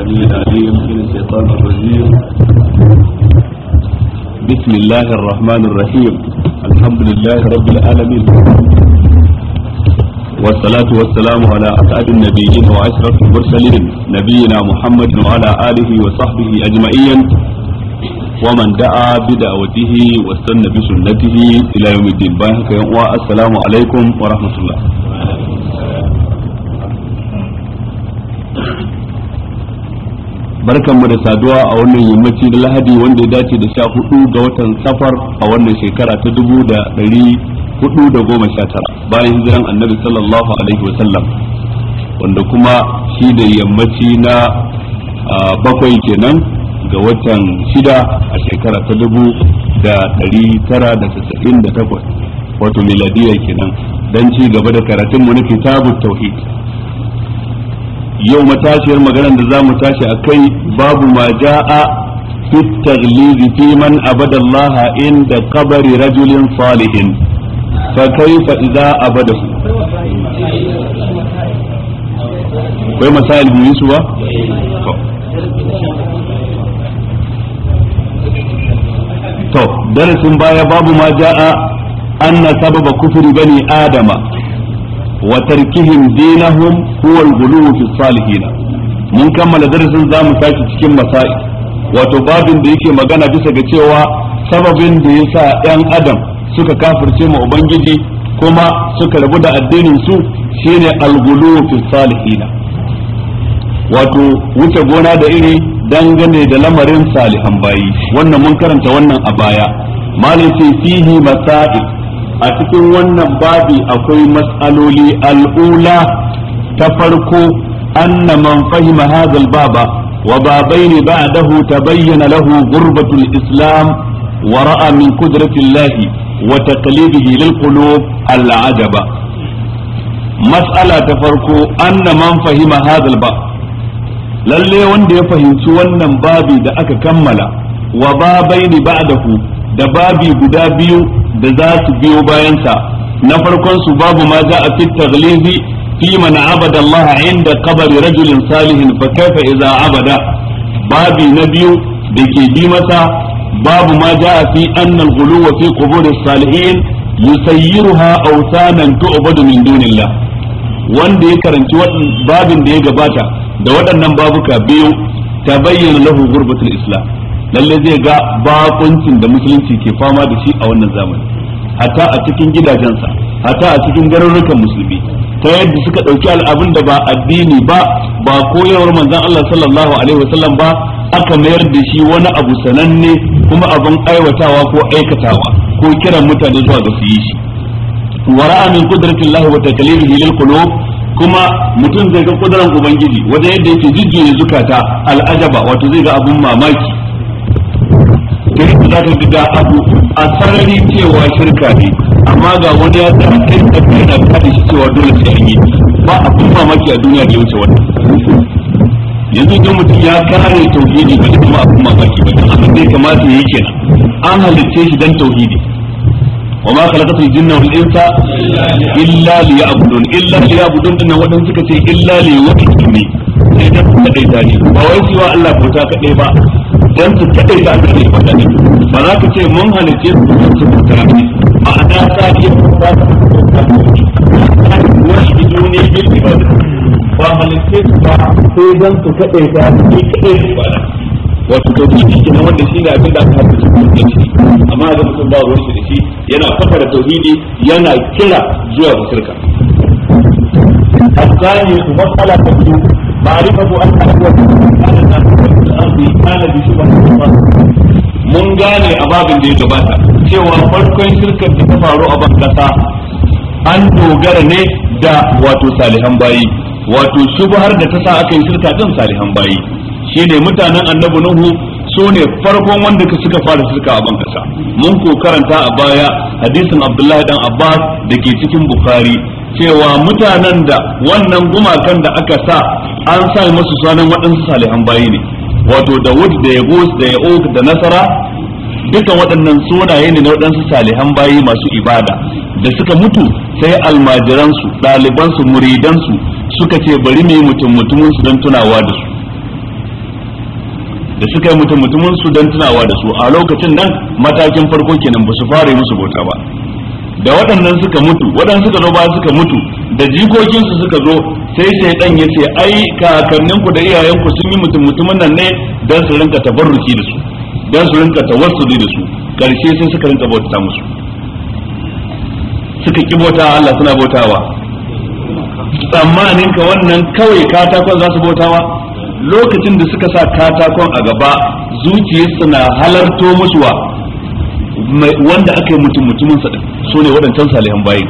السميع العليم من الشيطان الرجيم بسم الله الرحمن الرحيم الحمد لله رب العالمين والصلاة والسلام على أسعد النبيين وأشرف المرسلين نبينا محمد وعلى آله وصحبه أجمعين ومن دعا بدعوته واستنى بسنته إلى يوم الدين باهك السلام عليكم ورحمة الله Barkan mu da saduwa a wannan yammaci da lahadi wanda ya dace da sha hudu ga watan safar a wannan shekara ta dubu da dari hudu da goma sha tara bayan hijiran annabi sallallahu alaihi sallam wanda kuma shi da yammaci na bakwai kenan ga watan shida a shekara ta dubu da dari tara da tasa'in da takwas wato miladiya kenan don ci gaba da karatun mu na kitabun tauhid yau matashiyar maganar da za mu tashi a kai babu ma ja'a fi taglizi fi man abada in inda kabari rajulin salihin fa kaifa idza abadahu kai masail mu yi su ba to darasin baya babu ma ja'a anna sababa kufri bani adama wa tarkihim dinahum huwa al-ghuluw fi salihin mun kammala darasin zamu tashi cikin masai, wato babin da yake magana bisa ga cewa sababin da yasa ɗan adam suka kafirce ma ubangiji kuma suka rabu da addinin su shine al-ghuluw fi salihin wato wuce gona da iri dangane da lamarin salihan bayi wannan mun karanta wannan a baya malam sai fihi masai. a cikin wannan babi akwai matsaloli al'ula ta farko anna man fahima hadha baba wa babaini ba'dahu tabayyana lahu gurbatul islam wa ra'a min lahi wa taqlidihi lil qulub al'ajaba Matsala ta farko anna man fahima hadha ba. lalle wanda ya fahimci wannan babi da aka kammala wa babaini ba'dahu da babi guda biyu da za su biyo sa, na farkon su babu ma za a fi taglizi fi mana abada Allah inda kabari rajulin salihin fa kaifa idza abada babi na biyu da ke bi masa babu ma a fi anna al wa fi qubur salihin yusayyiruha awsanan tu'badu min dunillah wanda ya karanci babin da ya gabata da waɗannan babuka biyu tabayyana lahu gurbatul islam lalle zai ga bakuncin da musulunci ke fama da shi a wannan zamani hatta a cikin gidajensa hatta a cikin garurukan musulmi ta yadda suka ɗauki al'abin da ba addini ba ba koyarwar manzon Allah sallallahu alaihi wasallam ba aka mayar da shi wani abu sananne kuma abin aiwatawa ko aikatawa ko kiran mutane zuwa ga su yi shi wara'a min qudratillahi wa takalimihi lil qulub kuma mutum zai ga kudurar ubangiji wajen yadda yake jujjuya zukata al'ajaba wato zai ga abun mamaki za ka ga abu a sarari cewa shirka ne amma ga wani ya tsaya kai shi cewa dole sai an yi ba mamaki a duniya da ya wuce wannan yanzu idan mutum ya kare tauhidi ba kuma abin mamaki ba abin da ya kamata ya yi kenan an halicce shi dan tauhidi وما خلقت الجن والانس الا ليعبدون الا ليعبدون ان ودن suka ce illa li yu'minu sai da kadai dani ba wai cewa Allah bauta kadai ba don su kaɗai ta abin ne kwata ne ba za ka ce mun halice su don su mutara ne ba a dasa iya ba ba ta wani ne bil ibada ba halice su ba sai dan su kadai ta ni kadai su fada wato to shi ke nan wanda shine abin da aka haɗa su da shi amma da mutum ba ruwan shi da shi yana fata da tauhidi yana kira zuwa ga shirka الثاني مسألة ma'rifatu an aqwa kana na fil ardi kana mun gane a babin da ya gabata cewa farkon shirkar da ta faru a ban kasa an dogara ne da wato salihan bayi wato shubhar da ta sa aka yi shirka din salihan bayi shine mutanen annabi nuhu su ne farkon wanda suka fara shirka a bankasa mun ko karanta a baya hadisin abdullahi dan abbas da ke cikin bukhari cewa mutanen da wannan gumakan da aka sa an sa masu sanan waɗansu salihan bayi ne wato da wud da ya da yaok da nasara dukan waɗannan sunaye ne na waɗansu salihan bayi masu ibada da suka mutu sai almajiransu ɗalibansu muridansu suka ce bari mu yi mutum mutumin su don tunawa da su da suka yi mutum mutumin su don tunawa da su a lokacin nan matakin farko kenan ba su fara musu bauta ba da waɗannan suka mutu waɗannan suka zo ba suka mutu da jikokinsu suka zo sai sai dan ya ce ai kakanninku da iyayenku sun yi mutum mutumin nan ne don su rinka tabarruki da su don su rinka tawassuli da su karshe sai suka rinka bauta musu suka ki bauta Allah suna bautawa tsammanin ka wannan kawai katakon za su bautawa lokacin da suka sa katakon a gaba zuciyarsu na halarto musu wa wanda aka yi mutum mutumin sa su ne waɗancan salihan bayi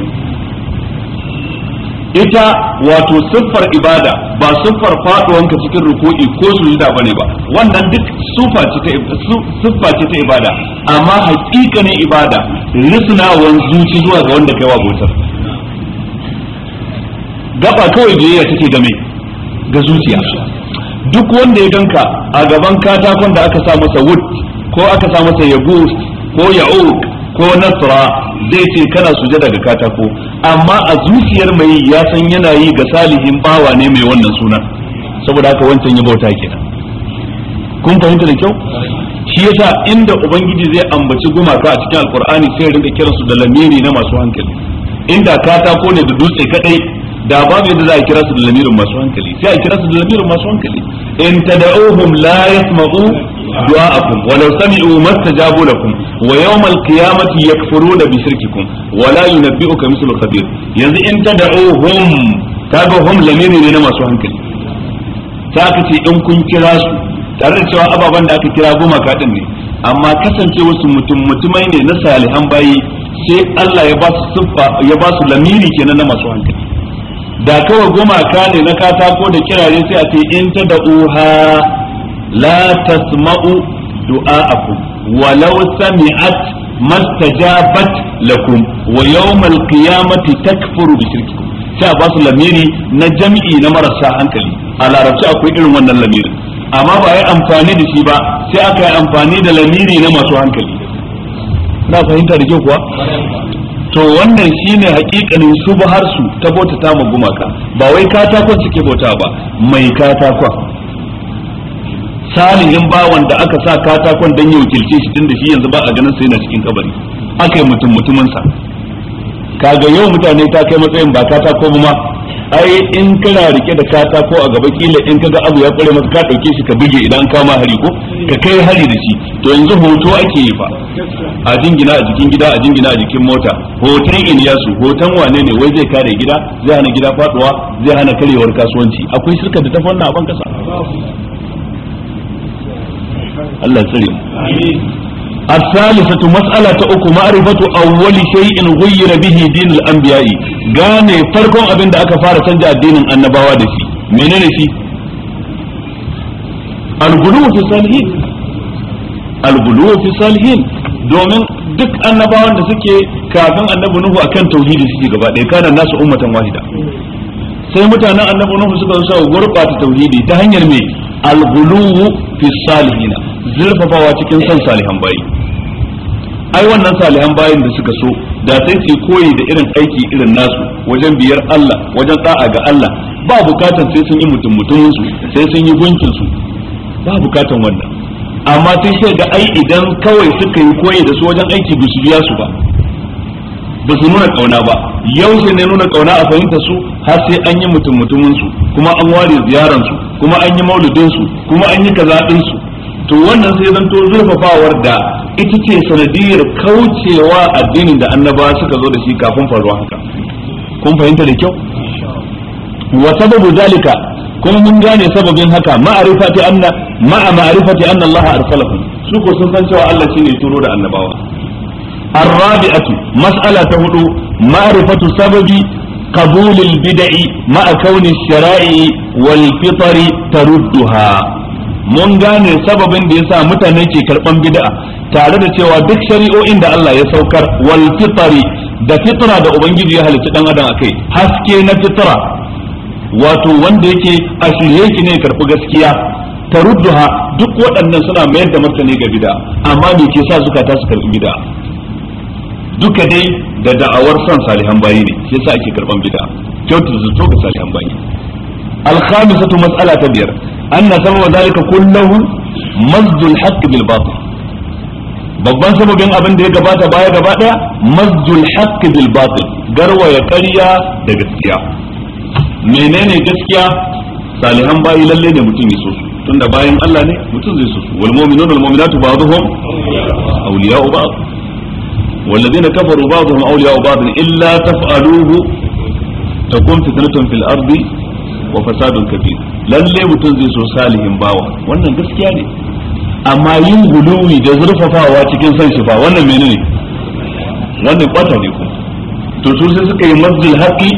ita wato siffar ibada ba siffar faɗuwanka cikin ruku'i ko sujuda bane ba wannan duk sufa ce ta siffa ce ta ibada amma hakikanin ibada risnawan zuci zuwa ga wanda kai wa gotar. gaba kawai biyayya take game ga zuciya duk wanda ya ganka a gaban katakon da aka sa masa wood ko aka sa masa yabus ko ya'uq ko nasra zai ce kana suje daga katako amma a zuciyar mai ya san yana yi ga salihin bawa ne mai wannan suna saboda haka wancan ya bauta kenan kun fahimta da kyau shi yasa inda ubangiji zai ambaci gumaka a cikin alkur'ani sai rinka kiransu da lamiri na masu hankali inda katako ne da dutse kadai da babu yadda za a kira su da lamirin masu hankali sai a kira su da lamirin masu hankali in tad'uhum la yasma'u du'a'akum wa law sami'u mastajabu lakum wa yawm al-qiyamati yakfuruna bi shirkikum wa la yunabbi'uka mithlu khabir yanzu in tad'uhum kaga hum lamiri ne na masu hankali ta ka ce in kun kira su tare da cewa ababan da aka kira goma kaɗin ne amma kasance wasu mutum mutumai ne na salihan bayi sai Allah ya ba su siffa ya ba su lamiri kenan na masu hankali da kawai gumaka ne na katako da kirare sai a ce in ta da uha la tasma'u du'a'akum walau sami'at mastajabat lakum wa yawmal qiyamati takfuru bi shirkikum sai a basu lamiri na jam'i na marasa hankali a larabci akwai irin wannan lamirin amma ba yi amfani da shi ba sai aka yi amfani da lamiri na masu hankali na fahimta da kyau kuwa to wannan shine hakikanin subhar su ta ta ma gumaka ba wai katakon ke bauta ba mai katakon salihin bawan da aka sa katakon dan yau wakilce shi tun shi yanzu ba a ganin sa yana cikin kabari aka yi mutum mutumin sa kaga yau mutane ta kai matsayin ba katako ma ai in kana rike da katako a gaba kila in kaga abu ya kware maka ka dauke shi ka buge idan ka ma hari ko ka kai hari da shi to yanzu hoto ake yi fa a jingina a jikin gida a jingina a jikin mota hoton Iliyasu hoton wane ne wai zai kare gida zai hana gida faduwa zai hana karewar kasuwanci akwai shirka da ta fanna a ban kasa Allah tsare mu matsala الثالثة مسألة أكو معرفة أول شيء غير به دين الأنبياء gane farkon abin da aka fara canza addinin annabawa da shi menene shi al-ghuluw fi salihin al-ghuluw fi salihin domin duk annabawan da suke kafin annabi nuhu akan tauhidi suke gaba ɗaya kana nasu ummatan wahida sai mutanen annabi nuhu suka zo gurɓata tauhidi ta hanyar me al-ghuluw fi salihina zurfafawa cikin son salihan bayi ai wannan salihan bayin da suka so da sai su koyi da irin aiki irin nasu wajen biyar Allah wajen da'a ga Allah ba bukatan sai sun yi mutum mutumin su sai sun yi gunkin su ba bukatan wannan amma sai sai ga ai idan kawai suka yi koyi da su wajen aiki bisu su biya su ba ba su nuna kauna ba yau sai ne nuna kauna a fahimta su har sai an yi mutum mutumin su kuma an ware ziyaran su kuma an yi mauludin su kuma an yi kaza din su to wannan sai zanto zurfafawar da ita ce sanadiyar kaucewa addinin da annaba suka zo da shi kafin faruwa haka kun fahimta da kyau wa sababu zalika kuma mun gane sababin haka ma'arifati anna ma'a ma'arifati anna Allah su ko sun san cewa Allah shine turo da annabawa arrabi'atu mas'ala ta hudu ma'rifatu sababi qabulil bid'i ma'a kauni shara'i wal fitri tarudduha mun gane sababin da yasa mutane ke karban bid'a tare da cewa duk shari'o'in da Allah ya saukar wal fitri da fitra da ubangiji ya halitta dan adam akai haske na fitra wato wanda yake a shirye ki ne karbi gaskiya tarudduha duk waɗannan suna mayar da martani ga bid'a amma me ke sa ta su karbi bid'a duka dai da da'awar son salihan bayi ne sai yasa ake karban bid'a kyautata zato ga salihan bayi al-khamisatu mas'ala ta biyar anna sababa zalika kullahu mazdul haqq bil batil babban sababin abin da ya gabata baya gaba daya mazdul haqq bil batil ya ƙarya da gaskiya menene gaskiya salihan bayi lalle ne mutum ya so su tunda bayan Allah ne mutum zai so su wal mu'minun wal mu'minatu ba'dhum awliya'u ba'd والذين كفروا بعضهم أولياء بعض إلا تفعلوه تكون فتنة في الأرض fasadun كبير lalle mutum zai so salihin bawa wannan gaskiya ne amma yin guluwi da zurfafawa cikin san shi ba wannan menene wannan kwata ne ku? to su sai suka yi masjid haqi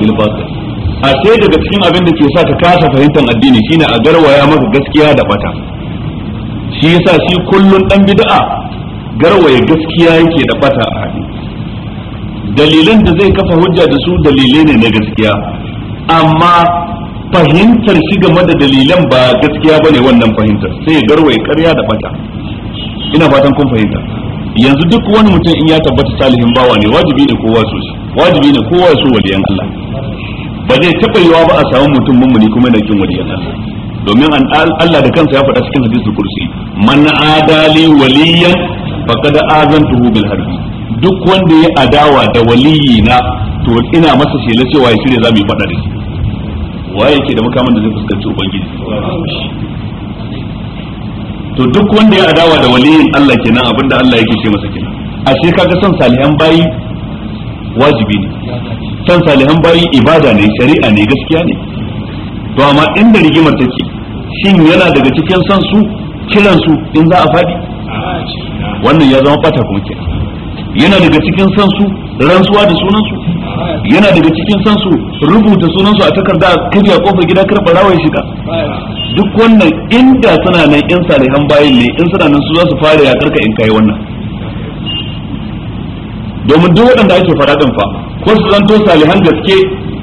bil batil a sai daga cikin abin da ke sa ka kasa fahimtar addini shine a garwaya maka gaskiya da bata shi yasa shi kullun dan bid'a garwaye gaskiya yake da bata a hadi dalilan da zai kafa hujja da su dalilai ne na gaskiya amma fahimtar shi game da dalilan ba gaskiya bane wannan fahimtar sai ya ya karya da bata ina fatan kun fahimta yanzu duk wani mutum in ya tabbata salihin bawa ne wajibi ne kowa so shi wajibi ne kowa so waliyan Allah ba zai taɓa yiwa ba a samu mutum mummuni kuma da kin waliyan Allah domin an Allah da kansa ya faɗa cikin hadisul kursi man adali waliyan faqad azantuhu bil harbi duk wanda ya adawa da waliyina to ina masa shela cewa ya shirya zamu yi faɗa da shi waye yake da makamin da zai fuskanci ubangiji to duk wanda ya adawa da waliyin Allah kenan abinda Allah yake ce masa kenan ashe kaga son salihan bayi wajibi ne son salihan bayi ibada ne shari'a ne gaskiya ne to amma inda rigimar take shin yana daga cikin son su kiran su in za a fadi wannan ya zama bata kuma kenan yana daga cikin son su rantsuwa da sunan su yana daga cikin san su rubuta sunan su a takarda kaje a kofar gida kar barawa shiga duk wannan inda suna nan in salihan bayin ne in suna nan su za su fara ya karka in kai wannan domin duk waɗanda ake fara din fa ko su zanto salihan gaske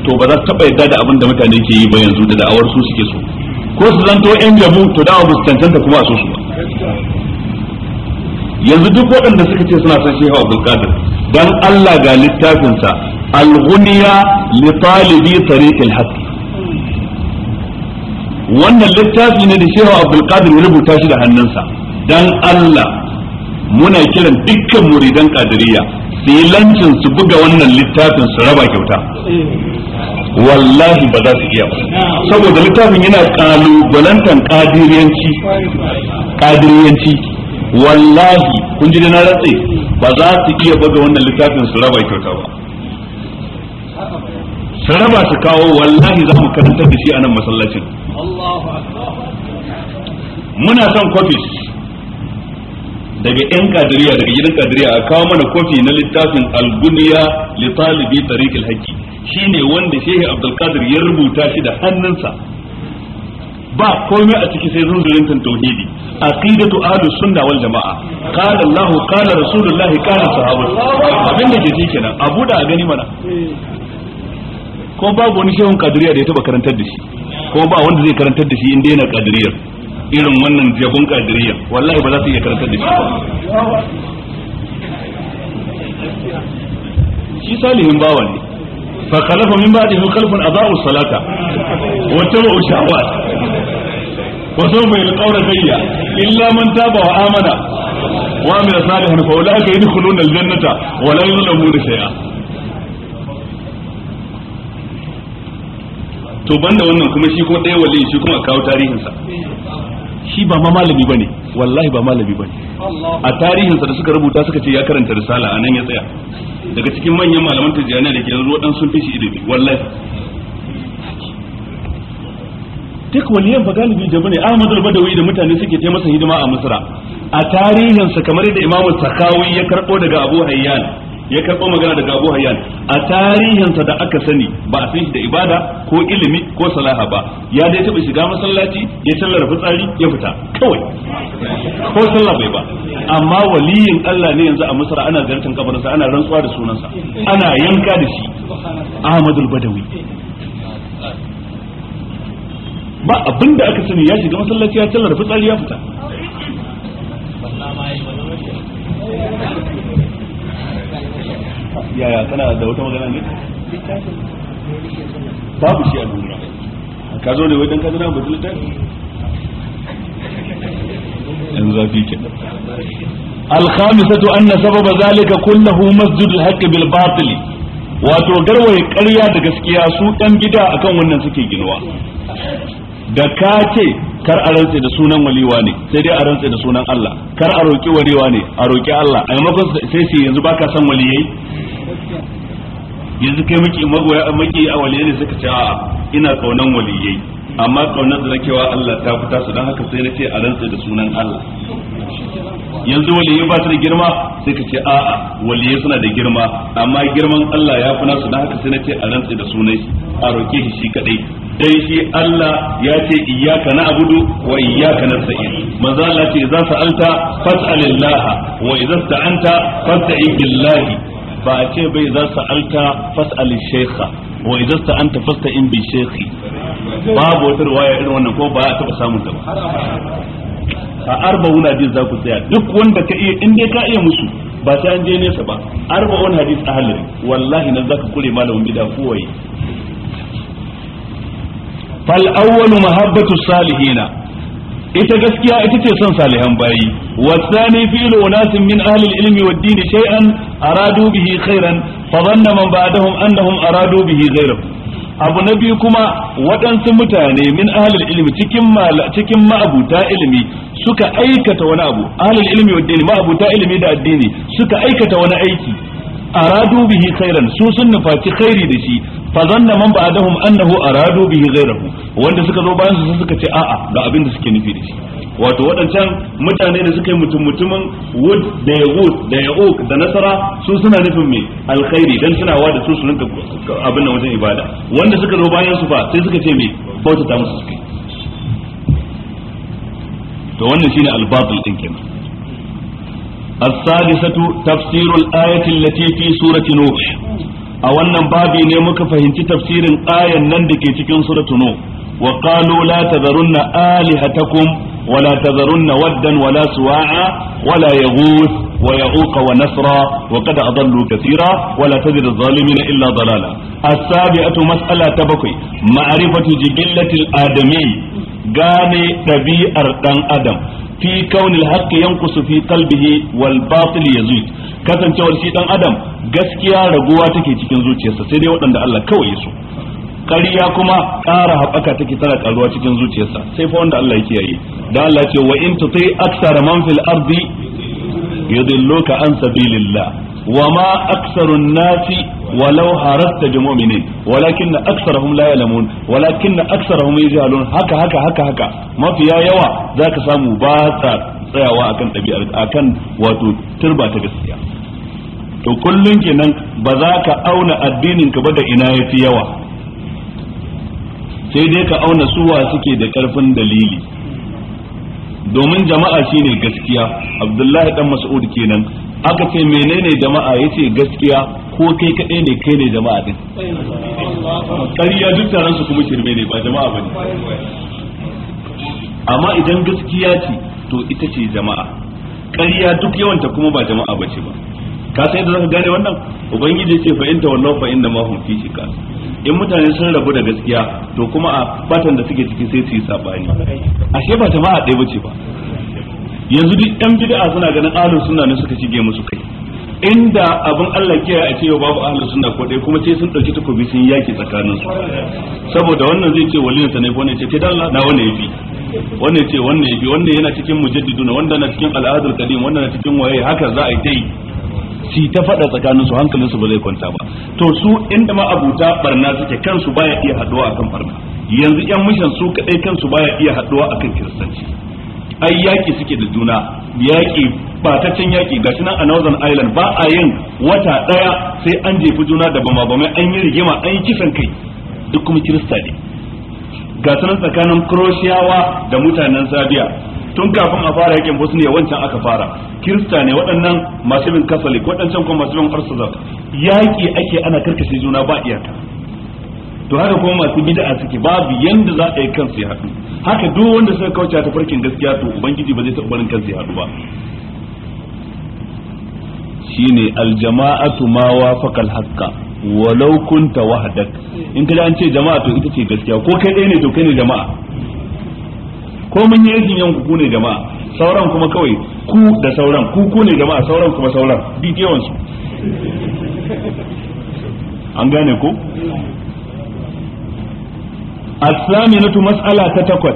to ba za su taba yadda da abin da mutane ke yi ba yanzu da da'awar su suke so ko su zanto yan jamu to da ba cancanta kuma a so su ba yanzu duk waɗanda suka ce suna son shehu abdul qadir dan Allah ga littafinsa al-ghuniya li talibi tariq wannan littafi ne da Shehu Abdul Qadir ya rubuta shi da hannunsa dan Allah muna kiran dukkan muridan Qadiriyya su yi lancin su buga wannan littafin su raba kyauta wallahi ba za su iya ba saboda littafin yana kalubalantan kadiriyanci kadiriyanci wallahi kun ji na ratse ba za su iya buga wannan littafin su raba kyauta ba su raba su kawo wallahi za mu karantar da shi a nan masallacin muna son kofis daga 'yan kadiriya daga gidan kadiriya a kawo mana kofi na littafin alguniya li talibi tariqil Shi shine wanda shehi abdulkadir ya rubuta shi da hannunsa ba komai a ciki sai zunzurin tauhidi aqidatu ahlus sunna wal jamaa qala allah qala rasulullah qala sahabatu abinda ke ciki kenan abu da gani mana eh. ko babu wani shehun kadiriya da ya taba karantar da shi ko ba wanda zai karantar da shi inda yana kadiriyar irin wannan jabun kadiriyar wallahi ba za su iya karantar da shi ba shi salihin bawa ne fa khalafa min ba'dihi khalfun adaa'u salata wa tabu shahawat wa sawfa yalqawna ghayya illa man taba wa amana wa amila salihan fa ulaika yadkhuluna al-jannata wa la yuzlamuna shay'a to banda wannan kuma shi kuma ɗaya wali shi kuma a kawo tarihinsa shi ba ma malami ba ne wallahi ba malami ba ne a tarihinsa da suka rubuta suka ce ya karanta risala a nan ya tsaya daga cikin manyan malaman tijjaniya da ke yanzu waɗan sun fi shi ilimi wallahi duk waliyan fa galibi da bane Ahmad al-Badawi da mutane suke taimaka masa hidima a Misra a tarihinsa kamar yadda Imam Sakawi ya karbo daga Abu Hayyan ya karɓo magana daga Abu Hayyan a tarihinsa da aka sani ba a san shi da ibada ko ilimi ko salaha ba ya dai taɓa shiga masallaci ya sallar fitsari ya fita kawai ko sallah bai ba amma waliyin Allah ne yanzu a Misra ana zartan kabarinsa ana rantsuwa da sunansa ana yanka da shi Ahmadul Badawi ba abinda aka sani ya shiga masallaci ya sallar fitsari ya fita yaya tana da wata magana ne babu shi a duniya ka zo ne wajen kaduna ba zuta yan zafi ke alkhamisatu anna sababa zalika kullahu masjidul haqqi bil batil wato garwaye ƙarya da gaskiya su ɗan gida akan wannan suke ginuwa da ka ce kar a rantse da sunan waliwa ne sai dai a rantse da sunan Allah kar a roki waliwa ne a roki Allah a maimakon sai sai yanzu baka san waliyai yanzu kai miki magoya a waliyai ne suka ce a'a ina kaunan waliyai amma kaunar da nake wa Allah ta fita su dan haka sai na a rantsa da sunan Allah yanzu waliyyi ba su da girma sai ka ce a'a waliyyi suna da girma amma girman Allah ya fi nasu dan haka sai na a rantsa da sunai a roke shi shi kadai dai shi Allah ya ce iyyaka na'budu wa iyyaka nasta'in manzo Allah ce idza sa'alta fas'alillah wa idza sta'anta fasta'in billahi ba a ce bai za su alta fas'al shaykha wa idza sta'anta fasta'in bi shekhi babu wata riwaya irin wannan ko ba a taba samun ta ba. a arba'un hadis za ku tsaya duk wanda ka iya in dai ka iya musu ba sai an je nesa ba wani hadis a halin wallahi nan ka kure malamin gida kowai fal awwalu mahabbatu salihina ita gaskiya ita ce son salihan bayi wasani filu unasin min ahli ilmi wa dini shay'an aradu bihi khairan fa dhanna man ba'dahum annahum aradu bihi ghayrahu abu na biyu kuma waɗansu mutane min ahalil ilmi cikin cikin ma'abuta ilimi suka aikata wani abu ahalil ilmi wad din ma'abuta ilimi da addini suka aikata wani aiki aradu bihi khairan su sun nufaci khairi da shi fa zanna man ba'dahum annahu aradu bihi ghairahu wanda suka zo bayan su suka ce a'a ga abin da suke nufi da shi wato waɗancan mutane da suka yi mutum mutumin wood da yahud da ya'uq da nasara su suna nufin me alkhairi dan suna wa da su su rinka abin nan wajen ibada wanda suka zo bayan su fa sai suka ce me ta musu suke to wannan shine al-batil din kenan السادسة tafsirun الآية التي في سورة نوح a wannan babi ne muka fahimci tafsirin ayan nan da ke cikin suratu nu wa qalu la tadharunna alihatakum wa la tadharunna waddan wa la suwa'a wa la yaghuth ويعوق ونسرا وقد أضلوا كثيرا ولا تجد الظالمين إلا ضلالا السابعة مسألة تبقي معرفة جبلة الآدمي غاني تبيئر دان أدم fi kaunil haqqi yanqusu fi qalbihi wal batil yazid kasancewar shi dan adam gaskiya raguwa take cikin zuciyarsa sai dai waɗanda Allah kawai ya so ƙarya kuma ƙara haɓaka take tana ƙaruwa cikin zuciyarsa sai fa wanda Allah ya kiyaye da Allah ce wa in aksara man fil yudilluka an sabilillah وما أكثر الناس ولو حرست بمؤمنين ولكن أكثرهم لا يعلمون ولكن أكثرهم يجهلون هكا هكا هكا هكا ما فيها يوا ذاك سامو باتا tsayawa akan ɗabi'ar akan wato turba ta gaskiya to kullun kenan ba za ka auna addinin ka ba da ina yafi yawa sai dai ka auna suwa suke da ƙarfin dalili domin jama'a shine gaskiya abdullahi dan mas'ud kenan aka ce menene jama'a yace gaskiya ko kai kadai ne kai ne jama'a din Kariya duk taron su kuma shirme ne ba jama'a bane amma idan gaskiya ce to ita ce jama'a Kariya duk yawanta kuma ba jama'a bace ba ka sai da zaka gane wannan ubangiji ce fa inta wallahu fa inna ma hum fi shikas in mutane sun rabu da gaskiya to kuma a batan da suke ciki sai su yi sabani ashe ba jama'a ɗaya bace ba yanzu duk yan bid'a suna ganin ahlus sunna ne suka shige musu kai inda abin Allah kiyaye a ce babu ahlus sunna ko dai kuma ce sun dauki takobi sun yaki tsakanin su saboda wannan zai ce waliyin sa ne ko ne ce ke dalla na wani yafi wannan ce wannan yafi wannan yana cikin mujaddiduna wanda na cikin al'adul qadim wanda na cikin waye haka za a yi dai si ta fada tsakanin su hankalin su ba zai kwanta ba to su inda ma abuta barna suke kansu baya iya haduwa akan barna yanzu yan mishan su kadai kansu baya iya haduwa akan kiristanci ai yaki suke da juna yaki batacen yaki gashi nan a Northern Ireland ba a yin wata daya sai an jefi juna da bama bamai an yi rigima an yi kisan kai duk kuma kirista ne tsakanin Croatiawa da mutanen Serbia tun kafin a fara yakin bosniya wancan aka fara kirista ne waɗannan masu bin catholic waɗancan kuma masu bin orthodox yaƙi ake ana karkashe juna ba iyaka to haka kuma masu bid'a suke babu yadda za a yi kan ya haɗu haka duk wanda suka kauce ta farkin gaskiya to ubangiji ba zai taɓa barin kan ya haɗu ba shine aljama'atu ma wafaqa haqqa walau kunta wahdak in kaji an ce jama'a to ita ce gaskiya ko kai ɗaya ne to kai ne jama'a ko mun yi aikin yanku ku ne jama'a sauran kuma kawai ku da sauran ku ku ne jama'a sauran kuma sauran bidiyon su an gane ku as-saminatu mas'ala ta takwas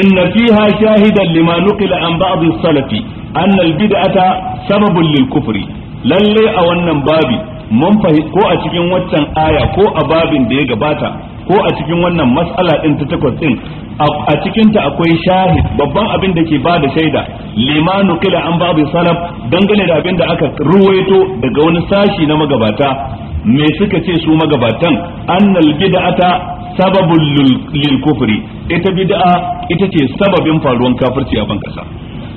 inna fiha shahidan lima nuqila an ba'd as-salafi an al-bid'ata sababun lil kufri lalle a wannan babi mun ko a cikin waccan aya ko a babin da ya gabata ko a cikin wannan matsala din ta takwas din a cikin ta akwai shahid babban abin da ke ba da shaida limanu kila an babu salaf dangane da abin da aka ruwaito daga wani sashi na magabata me suka ce su magabatan annal bid'ata sababul lil kufri ita bid'a ita ce sababin faruwar kafirci a ban kasa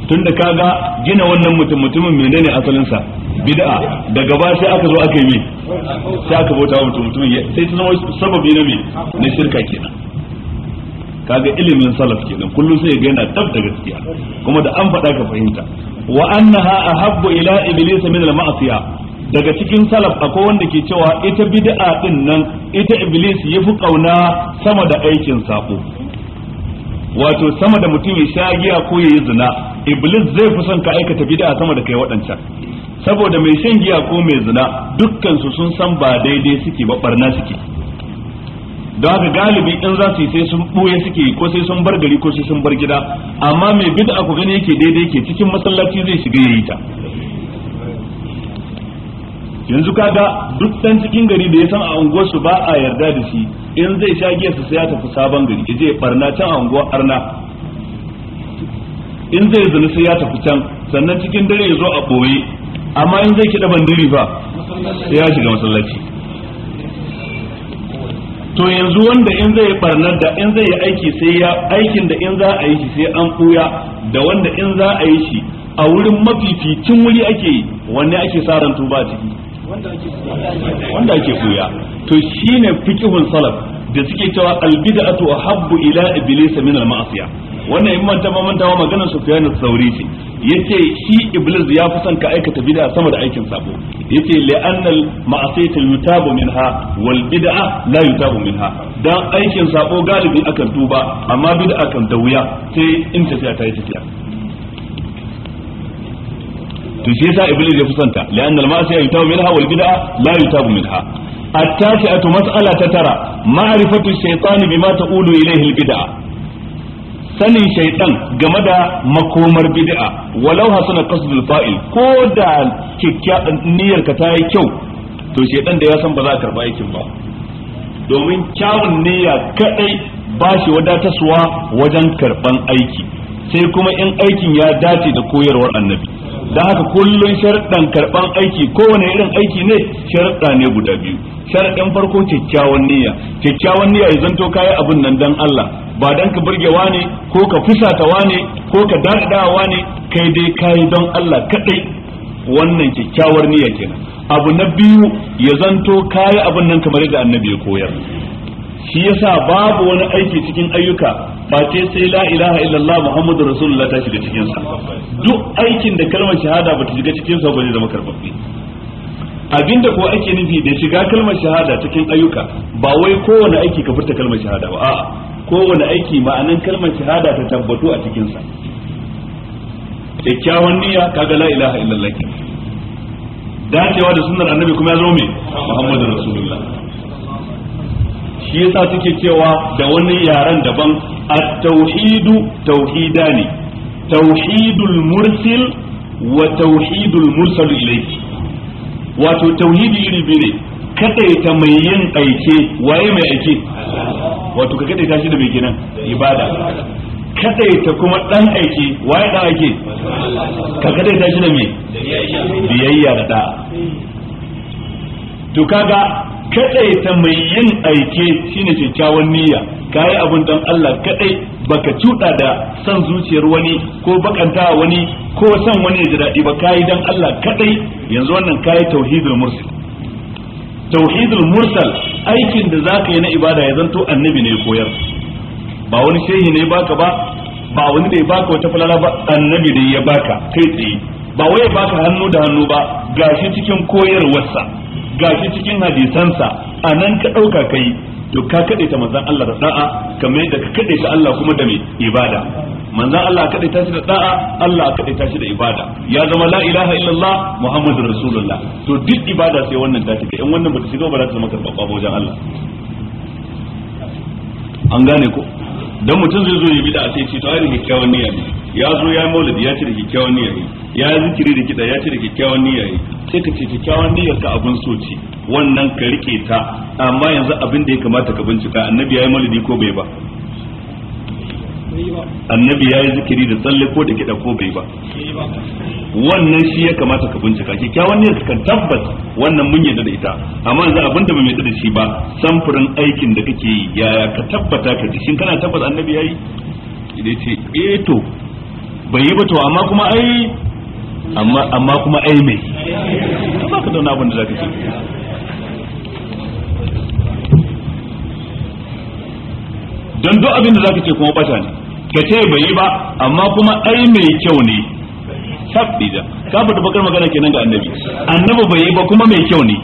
tunda kaga gina wannan mutum mutumin menene asalin sa bid'a daga ba sai aka zo aka yi sai aka bauta wa mutum mutumin sai ta zama sababi na me na shirka kenan kaga ilimin salaf kenan kullum sai ga yana dab da gaskiya kuma da an faɗa ka fahimta wa annaha ahabbu ila iblis min al ma'siya daga cikin salaf akwai wanda ke cewa ita bid'a din nan ita iblis yafi kauna sama da aikin sako wato sama da mutum ya sha giya ko yayi zina iblis zai fi son ka aikata bid'a sama da kai waɗancan saboda mai shan giya ko mai zina dukkan su sun san ba daidai suke ba barna suke don haka galibi in za su sai sun ɓoye suke ko sai sun bar gari ko sai sun bar gida amma mai bid'a ku gani yake daidai ke cikin masallaci zai shiga yayi ta yanzu kaga duk dan cikin gari da ya san a unguwar su ba a yarda da shi in zai sha giya su sai ya tafi sabon gari ya je barna can a unguwar arna in zai zina sai ya tafi can sannan cikin dare ya zo a ɓoye amma in zai kiɗa bandiri fa sai ya shiga masallaci to yanzu wanda in zai barnar da in zai yi aiki sai ya aikin da in za a yi shi sai an ɓuya da wanda in za a yi shi a wurin mafificin wuri ake yi wanne ake saran tuba a ciki wanda ake ɓuya to shine fikihun salaf da suke cewa albida'atu habbu ila iblis min al-ma'siyah wannan in manta mantawa maganar Sufyan al-Thawri ce yace shi iblis ya fi son ka aikata bid'a sama da aikin sabo yace li'annal ma'asiyatu yutabu minha wal bid'a la yutabu minha dan aikin sabo galibi akan tuba amma bid'a kan da wuya sai in tafiya ta yi tafiya to shi yasa iblis ya fi son ta li'annal ma'asiyatu yutabu minha wal bid'a la yutabu minha التاسعة مسألة ترى معرفة الشيطان بما تقول إليه البدعة sanin shaitan game da makomar bid'a walau hasana qasdul fa'il ko da kikkiadan niyyar ka ta yi kyau to shaitan da ya san ba za ka karba aikin ba domin kyawun niyya kadai ba shi wadatarwa wajen karban aiki sai kuma in aikin ya dace da koyarwar annabi da haka kullun sharɗan karɓan aiki kowane irin aiki ne sharɗa ne guda biyu sharɗan farko kyakkyawan niyya kyakkyawan niyya ya zanto kayi abin nan dan Allah ba dan ka burgewa ne ko ka fusata ne ko ka daɗaɗawa ne kai dai kayi don Allah kaɗai wannan kyakkyawar niyya kenan abu na biyu ya zanto kayi abin nan kamar yadda annabi ya koyar shi yasa babu wani aiki cikin ayyuka face sai la ilaha illallah muhammadur rasulullah ta shiga cikin sa duk aikin da kalmar shahada bata shiga cikin sa ba zai zama karbabbe abinda ko ake nufi da shiga kalmar shahada cikin ayyuka ba wai kowane aiki ka furta kalmar shahada ba a'a kowane aiki ma'anan kalmar shahada ta tabbatu a cikin sa kyakkyawan niyya kaga la ilaha illallah dacewa da sunnar annabi kuma ya zo me muhammadur rasulullah shi yasa suke cewa da wani yaren daban at-tauhidu tauhidani tauhidul mursil wa tauhidul mursal ilayhi wato tauhidi iri biyu ne kadaita mai yin aike waye mai aike wato ka kadaita shi da mai kenan ibada kadaita kuma dan aike waye dan aike ka kadaita shi da mai biyayya da da'a to kaga kadai ta mai yin aike shine kyakkyawan niyya kayi abun dan Allah kadai baka cuda da san zuciyar wani ko bakanta wani ko san wani ya ji daɗi ba kayi dan Allah kadai yanzu wannan kai tauhidul mursal tauhidul mursal aikin da zaka yi na ibada ya zanto annabi ne koyar ba wani shehi ne baka ba ba wani da ya baka wata falala ba annabi da ya baka kai tsaye ba wai baka hannu da hannu ba gashi cikin koyarwarsa gashi cikin hadisansa a nan ka ɗauka kai to ka kaɗe ta manzan Allah da ka kamar yadda ka kaɗe ta Allah kuma da mai ibada manzan Allah kaɗe ta shi da ɗa'a, Allah kaɗe ta shi da ibada ya zama la ilaha illallah muhammadur rasulullah to duk ibada sai wannan ta take in wannan bata shiga ba za ta zama karɓar ba wajen Allah an gane ko dan mutum zai zo ya da a sai ce to ai kyakkyawan niyya ne ya zo ya maulidi ya ce da kyakkyawan niyya ya yi zikiri da kida ya ce da kyakkyawan niyya sai ka ce kyakkyawan niyyar ka abin so ce wannan ka rike ta amma yanzu abin da ya kamata ka bincika annabi ya yi maulidi ko bai ba annabi ya yi zikiri da tsalle ko da kida ko bai ba wannan shi ya kamata ka bincika kyakkyawan niyyar ka tabbas wannan mun yarda da ita amma yanzu abin da ba mai da shi ba samfurin aikin da kake yi yaya ka tabbata ka ji shin kana tabbata annabi ya yi idan ce eh to bai yi ba to amma kuma ai amma amma kuma ai mai ba ka dauna abin da zaka ce don duk abin da zaka ce kuma bata ne ka ce bai yi ba amma kuma ai mai kyau ne da ka fita bakar magana kenan ga annabi annabi bai yi ba kuma mai kyau ne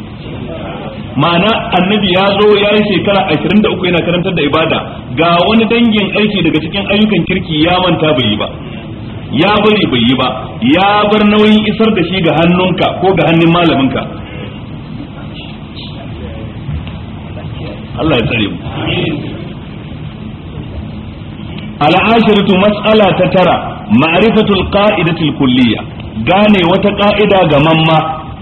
ma'ana annabi ya zo ya yi shekara 23 yana karantar da ibada ga wani dangin aiki daga cikin ayyukan kirki ya manta bai yi ba ya bari bai yi ba ya bar nauyin isar da shi ga hannunka ko ga hannun malaminka Allah ya tsare mu al'ashiratu mas'ala ta tara ma'rifatul qa'idatul kulliyya gane wata ka'ida ga mamma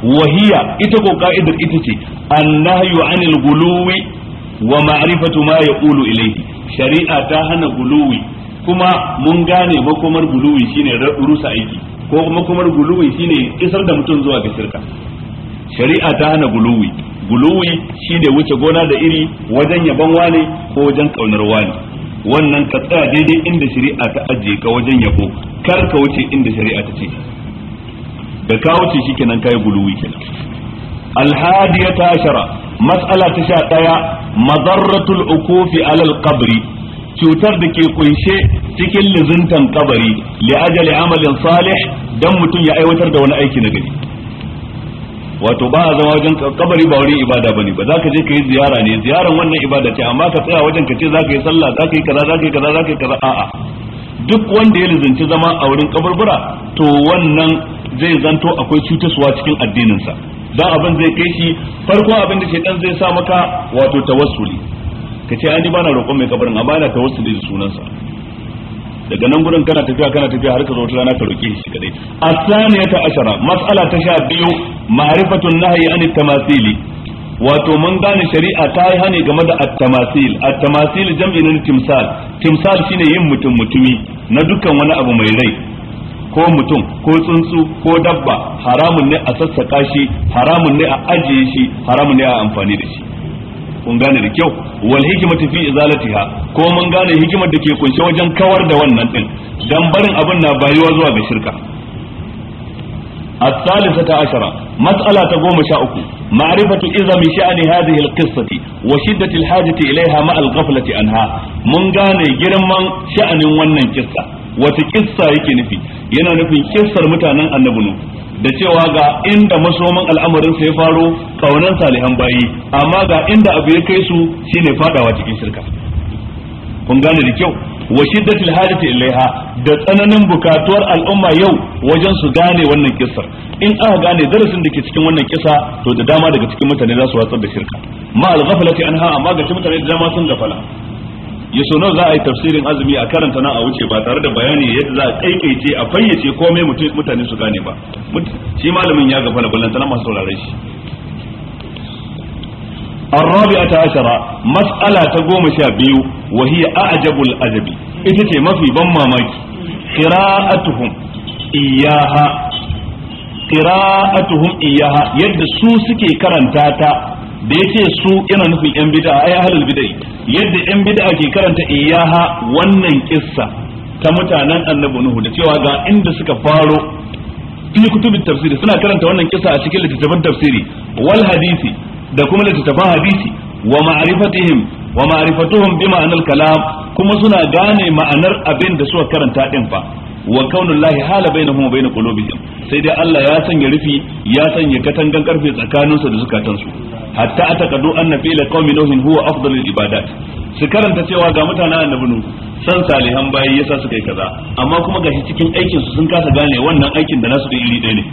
wahiya ita ko ka'idar ita ce annahyu anil guluwi wa ma'rifatu ma yaqulu ilayhi shari'a ta hana guluwi kuma mun gane makomar guluwi shine rusa aiki ko makomar guluwi shine isar da mutum zuwa ga shirka shari'a ta hana guluwi guluwi shine wuce gona da iri wajen yaban wane ko wajen kaunar wani wannan ka tsaya daidai inda shari'a ta ajiye ka wajen yabo kar ka wuce inda shari'a ta ce da ka wuce shikenan kai guluwi kenan alhadiyata ashara mas'ala ta sha daya madarratul ukufi alal qabri cutar da ke kunshe cikin lizuntan kabari ajali amalin salih dan mutum ya aiwatar da wani aiki na gari wato ba a zama wajen kabari ba wurin ibada bane ba za ka je ka yi ziyara ne ziyaran wannan ibada ce amma ka tsaya wajen ka ce za ka yi sallah za ka yi kaza za ka yi kaza za ka yi kaza a'a duk wanda ya lizinci zama a wurin kaburbura to wannan zai zanto akwai cutaswa cikin addininsa dan abin zai kai shi farko abin da shedan zai sa maka wato tawassuli ka ce ani bana roƙon mai kabarin amma ta wasu da sunansa daga nan gurin kana tafiya kana tafiya har ka zo wata rana ka roƙe shi kadai ta ashara matsala ta sha biyu ma'rifatun nahyi anit tamasili wato mun gane shari'a ta yi hane game da at-tamasil at-tamasil jam'i timsal timsal shine yin mutum mutumi na dukkan wani abu mai rai ko mutum ko tsuntsu ko dabba haramun ne a sassaka shi haramun ne a ajiye shi haramun ne a amfani da shi kun gane da kyau wal hikmatu fi izalatiha ko mun gane hikimar da ke kunshe wajen kawar da wannan din dan barin abin na bayuwa zuwa ga shirka الثالثة عشرة مسألة تقوم شاؤك معرفة إذا من شأن هذه القصة وشدة الحاجة إليها مع الغفلة عنها من قال جرما شأن ونن قصة wata kissa yake nufi yana nufin kissar mutanen annabi da cewa ga inda masoman al'amarin sai faro kaunan salihan bayi amma ga inda abu ya kai su shine fadawa cikin shirka kun gane da kyau wa shiddatil hadati ilaiha da tsananin bukatuwar al'umma yau wajen su gane wannan kissar in aka gane darasin da ke cikin wannan kisa to da dama daga cikin mutane za su watsar da shirka ma al-ghaflati anha amma ga mutane da dama sun gafala ya nawa za a yi tafsirin azumi a karanta na a wuce ba tare da bayani yadda za a kaikaice a fayyace komai mutane su gane ba shi malamin ya gafa da na masu saurare shi الرابعة عشرة مسألة تقوم شابيو وهي أعجب الأدب إتتي ما في بما ماك قراءتهم إياها قراءتهم إياها يد سوسكي كرنتاتا da ce su yana nufin yan bid'a ai ahlul bid'ah yadda yan bid'a ke karanta iyaha wannan kissa ta mutanen annabi nuhu da cewa ga inda suka faro fi kutubin tafsiri suna karanta wannan kissa a cikin littattafan tafsiri wal hadisi da kuma littattafan hadisi wa ma'rifatihim wa ma'rifatuhum bi ma'anar kalam kuma suna gane ma'anar abin da suka karanta din fa wa kaunullahi hala bainahum wa bain qulubihim sai dai Allah ya sanya rufi ya sanya katangan karfe tsakaninsu da zukatansu hatta atakadu anna fi'la qaumi nuhin huwa afdalul ibadat su karanta cewa ga mutanen annabi nu san salihan bayi yasa suka yi kaza amma kuma gashi cikin aikin su sun kasa gane wannan aikin da nasu da iri ɗaya ne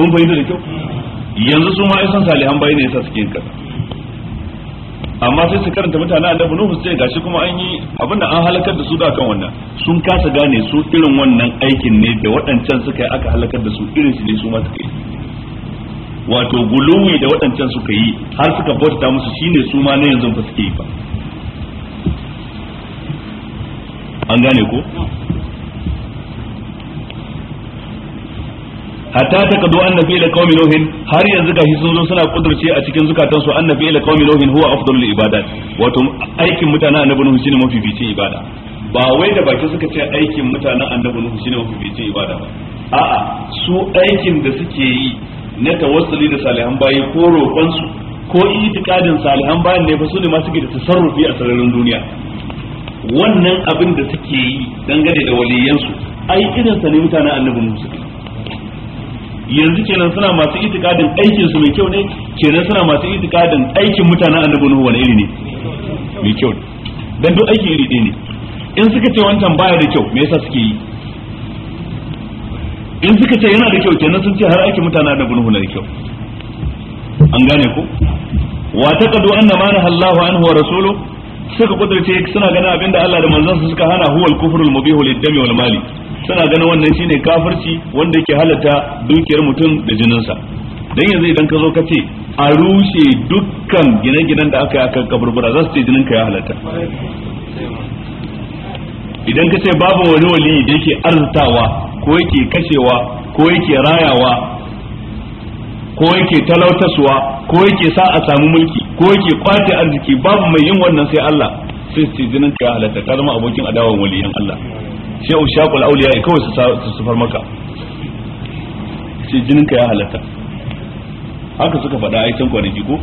kun fahimta da kyau yanzu su ma ai san salihan bayi ne yasa suke yin kaza amma sai su karanta mutane annabi nuhu sai gashi kuma an yi abinda an halakar da su da kan wannan sun kasa gane su irin wannan aikin ne da waɗancan suka yi aka halakar da su irin su ne su masu suka wato guluwi da waɗancan suka yi har suka bauta musu shine su ma na yanzu ba suke yi ba an gane ko hatta ta kadu anna ila qaumi nuhin har yanzu gashi sun zo suna kudurce a cikin zukatan su annabi ila qaumi nuhin huwa afdalul ibadat wato aikin mutanen annabi nuhu shine mafificin ibada ba wai da baki suka ce aikin mutanen annabi nuhu shine mafificin ibada ba a'a su aikin da suke yi na tawassuli da salihan bayi ko roƙon su ko itikadin salihan bayan ne fa su ne ma suke da tasarrufi a sararin duniya wannan abin da suke yi dangane da waliyansu ai irin sa ne mutanen annabi nuhu suke yanzu kenan suna masu itikadin aikin su mai kyau ne kenan suna masu itikadin aikin mutanen annabi nuhu wani iri ne mai kyau dan duk aiki iri ne in suka ce wancan baya da kyau me yasa suke yi in suka ce yana da kyau kenan sun ce har aikin mutanen annabi nuhu na da kyau an gane ko wa taqadu anna ma nahallahu anhu wa rasuluhu suka kudurce suna ganin abinda Allah da su suka hana huwal kufrul mubihul lid-dami wal mali suna ganin wannan shine kafirci wanda yake halatta dukiyar mutum da jininsa dan yanzu idan ka zo ka ce a rushe dukkan gine-ginen da aka yi akan kaburbura za su ce jinin ka ya halatta idan ka ce babu wani wali da yake arzitawa ko yake kashewa ko yake rayawa ko yake talautaswa ko yake sa a samu mulki ko yake kwace arziki babu mai yin wannan sai Allah sai su ce jinin ka ya halatta ka zama abokin adawan waliyan Allah sai ushaqul awliya kawai su sufar maka jinin jininka ya halatta haka suka faɗa a can kwanaki ko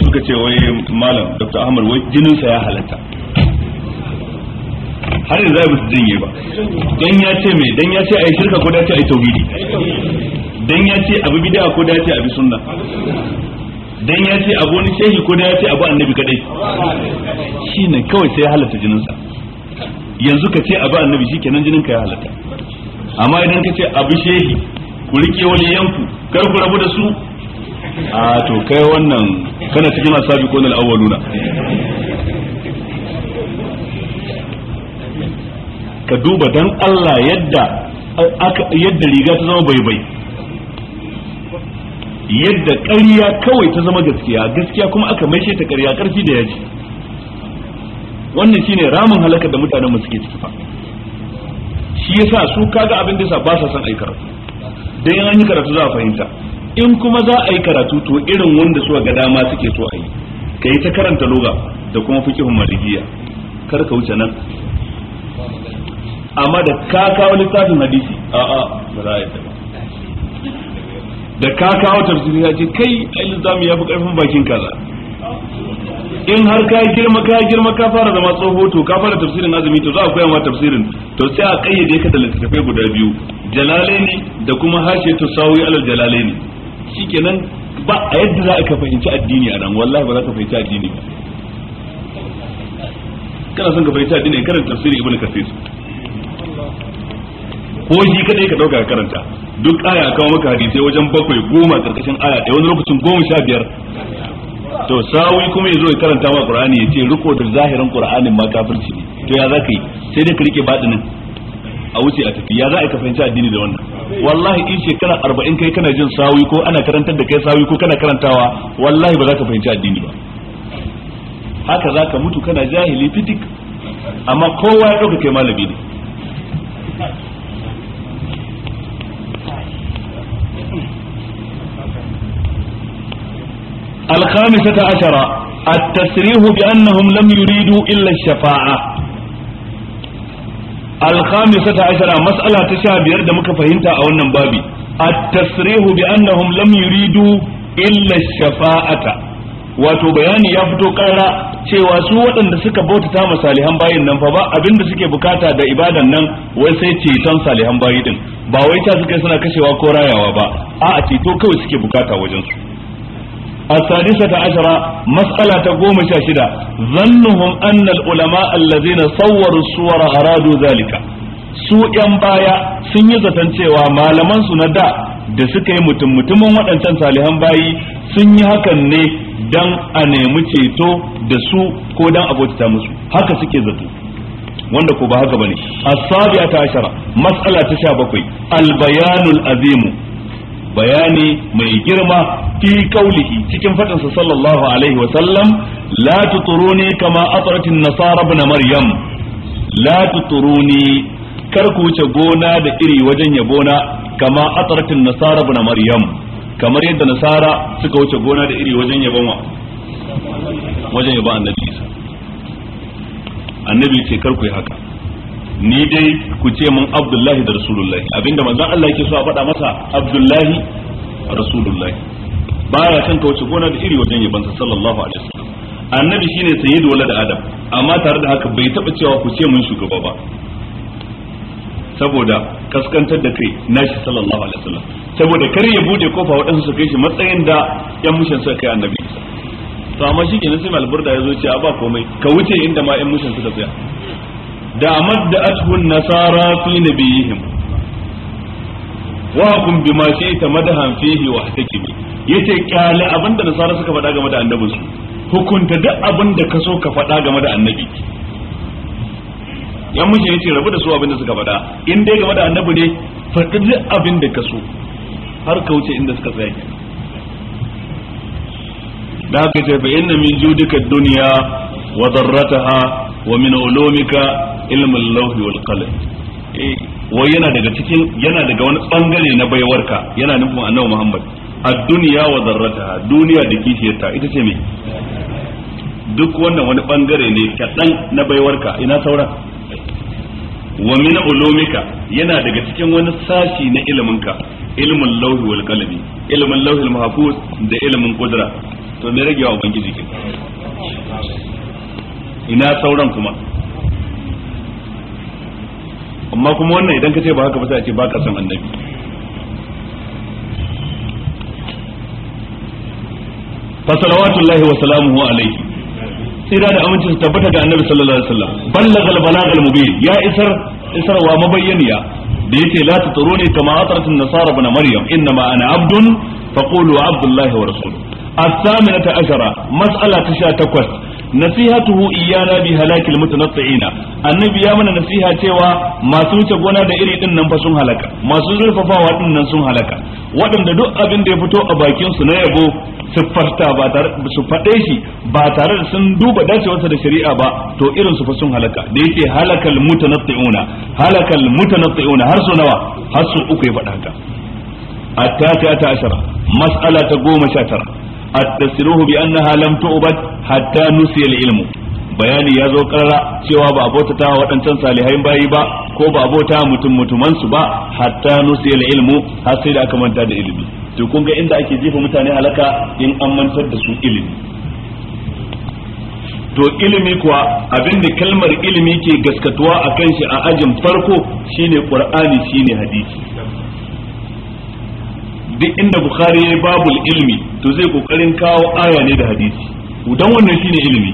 suka ce wai malam dr ahmad wai jininsa ya halatta har yanzu ai basu jinye ba dan ya ce me dan ya ce ai shirka ko da ce ai tauhidi dan ya ce abu bid'a ko da ce abu sunna dan ya ce abu ni shehi ko da ya ce abu annabi kadai shine kawai sai ya halatta jininsa yanzu ka ce abu annabi kenan jinin ka ya halatta amma idan ka ce abu shehi ku rike yanku kar ku rabu da su a to kai wannan kana cikin asabi ko na al'awaluna ka duba dan Allah yadda yadda riga ta zama bai-bai yadda ƙarya kawai ta zama gaskiya gaskiya kuma aka maishe ta ƙarya ƙarfi da yaji wannan shine ramin halakar da mutanen mu suke ciki fa shi yasa su kaga abin da yasa ba sa son ai karatu dan an yi karatu za a fahimta in kuma za a yi karatu to irin wanda su ga dama suke so a yi kai ta karanta loga da kuma fiqhun malikiya kar ka wuce nan amma da ka kawo littafin hadisi a a ba za a yi da ka kawo tafsiri ya ce kai ai littafin ya fi karfin bakin kaza in har ka girma ka girma ka fara zama tsoho to ka fara tafsirin azumi to za a koya ma tafsirin to sai a kayyade ka da littattafai guda biyu jalalaini da kuma to sawi alal jalalaini shikenan ba a yadda za ka fahimci addini a nan wallahi ba za ka fahimci addini ba kana son ka fahimci addini karanta tafsirin ibnu kathir ko shi kadai ka dauka karanta duk aya kawo maka hadisi wajen bakwai goma karkashin aya da wani lokacin goma sha biyar to sawi kuma zo ya karanta ma qur'ani yace riko da zahirin qur'anin ma kafirci ne to ya zaka yi sai dai ka rike badinin a wuce a tafi ya za a kafanci addini da wannan wallahi in shekara arba'in kai kana jin sawi ko ana karantar da kai sawi ko kana karantawa wallahi ba za ka fahimci addini ba haka za ka mutu kana jahili fitik amma kowa ya ɗauka kai malami ne الخامسة عشرة التسريح بأنهم لم يريدوا إلا الشفاعة الخامسة عشرة مسألة تشابه يرد مكفهنتا أو النبابي التسريح بأنهم لم يريدوا إلا الشفاعة wato bayani ya fito ƙara cewa su waɗanda suka bautata ma salihan bayin nan fa ba da suke bukata da ibadan nan wai sai ceton salihan bayi din ba wai ta suka suna kashewa ko rayawa ba a a ceto kawai suke bukata wajen su السادسة عشرة مسألة قوم شاشدة ظنهم أن العلماء الذين صوروا الصور أرادوا ذلك su ‘yan baya sun yi zaton cewa malamansu na da da suka yi mutum mutumin waɗancan salihan bayi sun yi hakan ne don a nemi ceto da su ko don abota musu haka suke zato wanda ko ba haka bane as ta ashara matsala ta sha bakwai, bayanul azimu bayani mai girma fi kaulihi cikin fadin sa sallallahu alaihi wa sallam la tuturuni kama atrat nasara ibn maryam la tuturuni kar ku wuce gona da iri wajen yabona kama atrat nasara ibn maryam kamar yadda nasara suka wuce gona da iri wajen yabon wa wajen yabon annabi isa annabi ce kar ku yi haka ni dai ku ce mun abdullahi da rasulullahi abinda manzon Allah yake so a faɗa masa abdullahi rasulullahi baya son kauce gona da iri wajen yabansa sallallahu alaihi wasallam annabi shine sayyidu walad adam amma tare da haka bai taba cewa ku ce mun shugaba ba saboda kaskantar da kai nashi sallallahu alaihi wasallam saboda kar ya bude kofa waɗansu su kai shi matsayin da yan mushin suka kai annabi to amma shi kenan sai malburda ya zo ce a ba komai ka wuce inda ma yan mushin suka tsaya da madda ashun nasara fi nabiyihim wa ma bima ta madahan fihi wa hatakimi yace kyale abinda nasara suka faɗa game da annabinsu. su hukunta duk abinda ka so ka faɗa game da annabi yan mushe yace rabu da su abinda suka faɗa in dai game da annabi ne faɗi duk abinda ka so har ka wuce inda suka tsaya da haka ce fa inna min judika dunya wa darrataha ومن علومك علم اللوح والقلم wal qalam eh. yana daga cikin yana daga wani bangare na baiwarka yana nufin annabi Muhammad ad-dunya wa zarrataha duniya da kishiyarta ita ce me duk wannan wani bangare ne kaɗan na baiwarka ina saura wa min ulumika yana daga cikin wani sashi na ka ilmin lauhi wal qalbi ilmin lauhi al mahfuz da ilmin qudra to me wa ubangiji ke ina sauran kuma amma kuma wannan idan ka ce ba haka ba sai a ce ba ka san annabi fa salawatullahi wa salamuhu alayhi tsira da aminci su tabbata ga annabi sallallahu alaihi wasallam ballagha al-balagh al-mubin ya isar isarwa mabayyaniya da yace la tutruni kama atrat an-nasara ibn maryam innama ana abdun faqulu abdullahi wa rasuluhu الثامنة عشرة مسألة تشا تكوست nasihatuhu iyana bi halakil mutanatti'ina annabi ya mana nasiha cewa masu wuce gona da iri din nan fa sun halaka masu zurfafawa din nan sun halaka waɗanda duk abin da ya fito a bakin su na yabo su farta ba tare su faɗe shi ba tare da sun duba dacewarsa da shari'a ba to irin su fa sun halaka da yake halakal mutanatti'una halakal mutanatti'una har su nawa har su uku ya faɗa haka at mas'ala ta goma sha tara attasiruhu bi annaha lam tu'bad hatta nusiya ilmu bayani ya zo karara cewa ba abota ta waɗancan salihai bayi ba ko ba abota mutum mutuman su ba hatta nusiya al-ilm har sai da aka manta da ilimi to kun ga inda ake jefa mutane halaka in an mantar da su ilimi to ilimi kuwa abin da kalmar ilimi ke gaskatuwa a kan shi a ajin farko shine qur'ani shine hadisi duk inda bukhari ya babul ilmi to zai kokarin kawo aya ne da hadisi dan wannan shine ilimi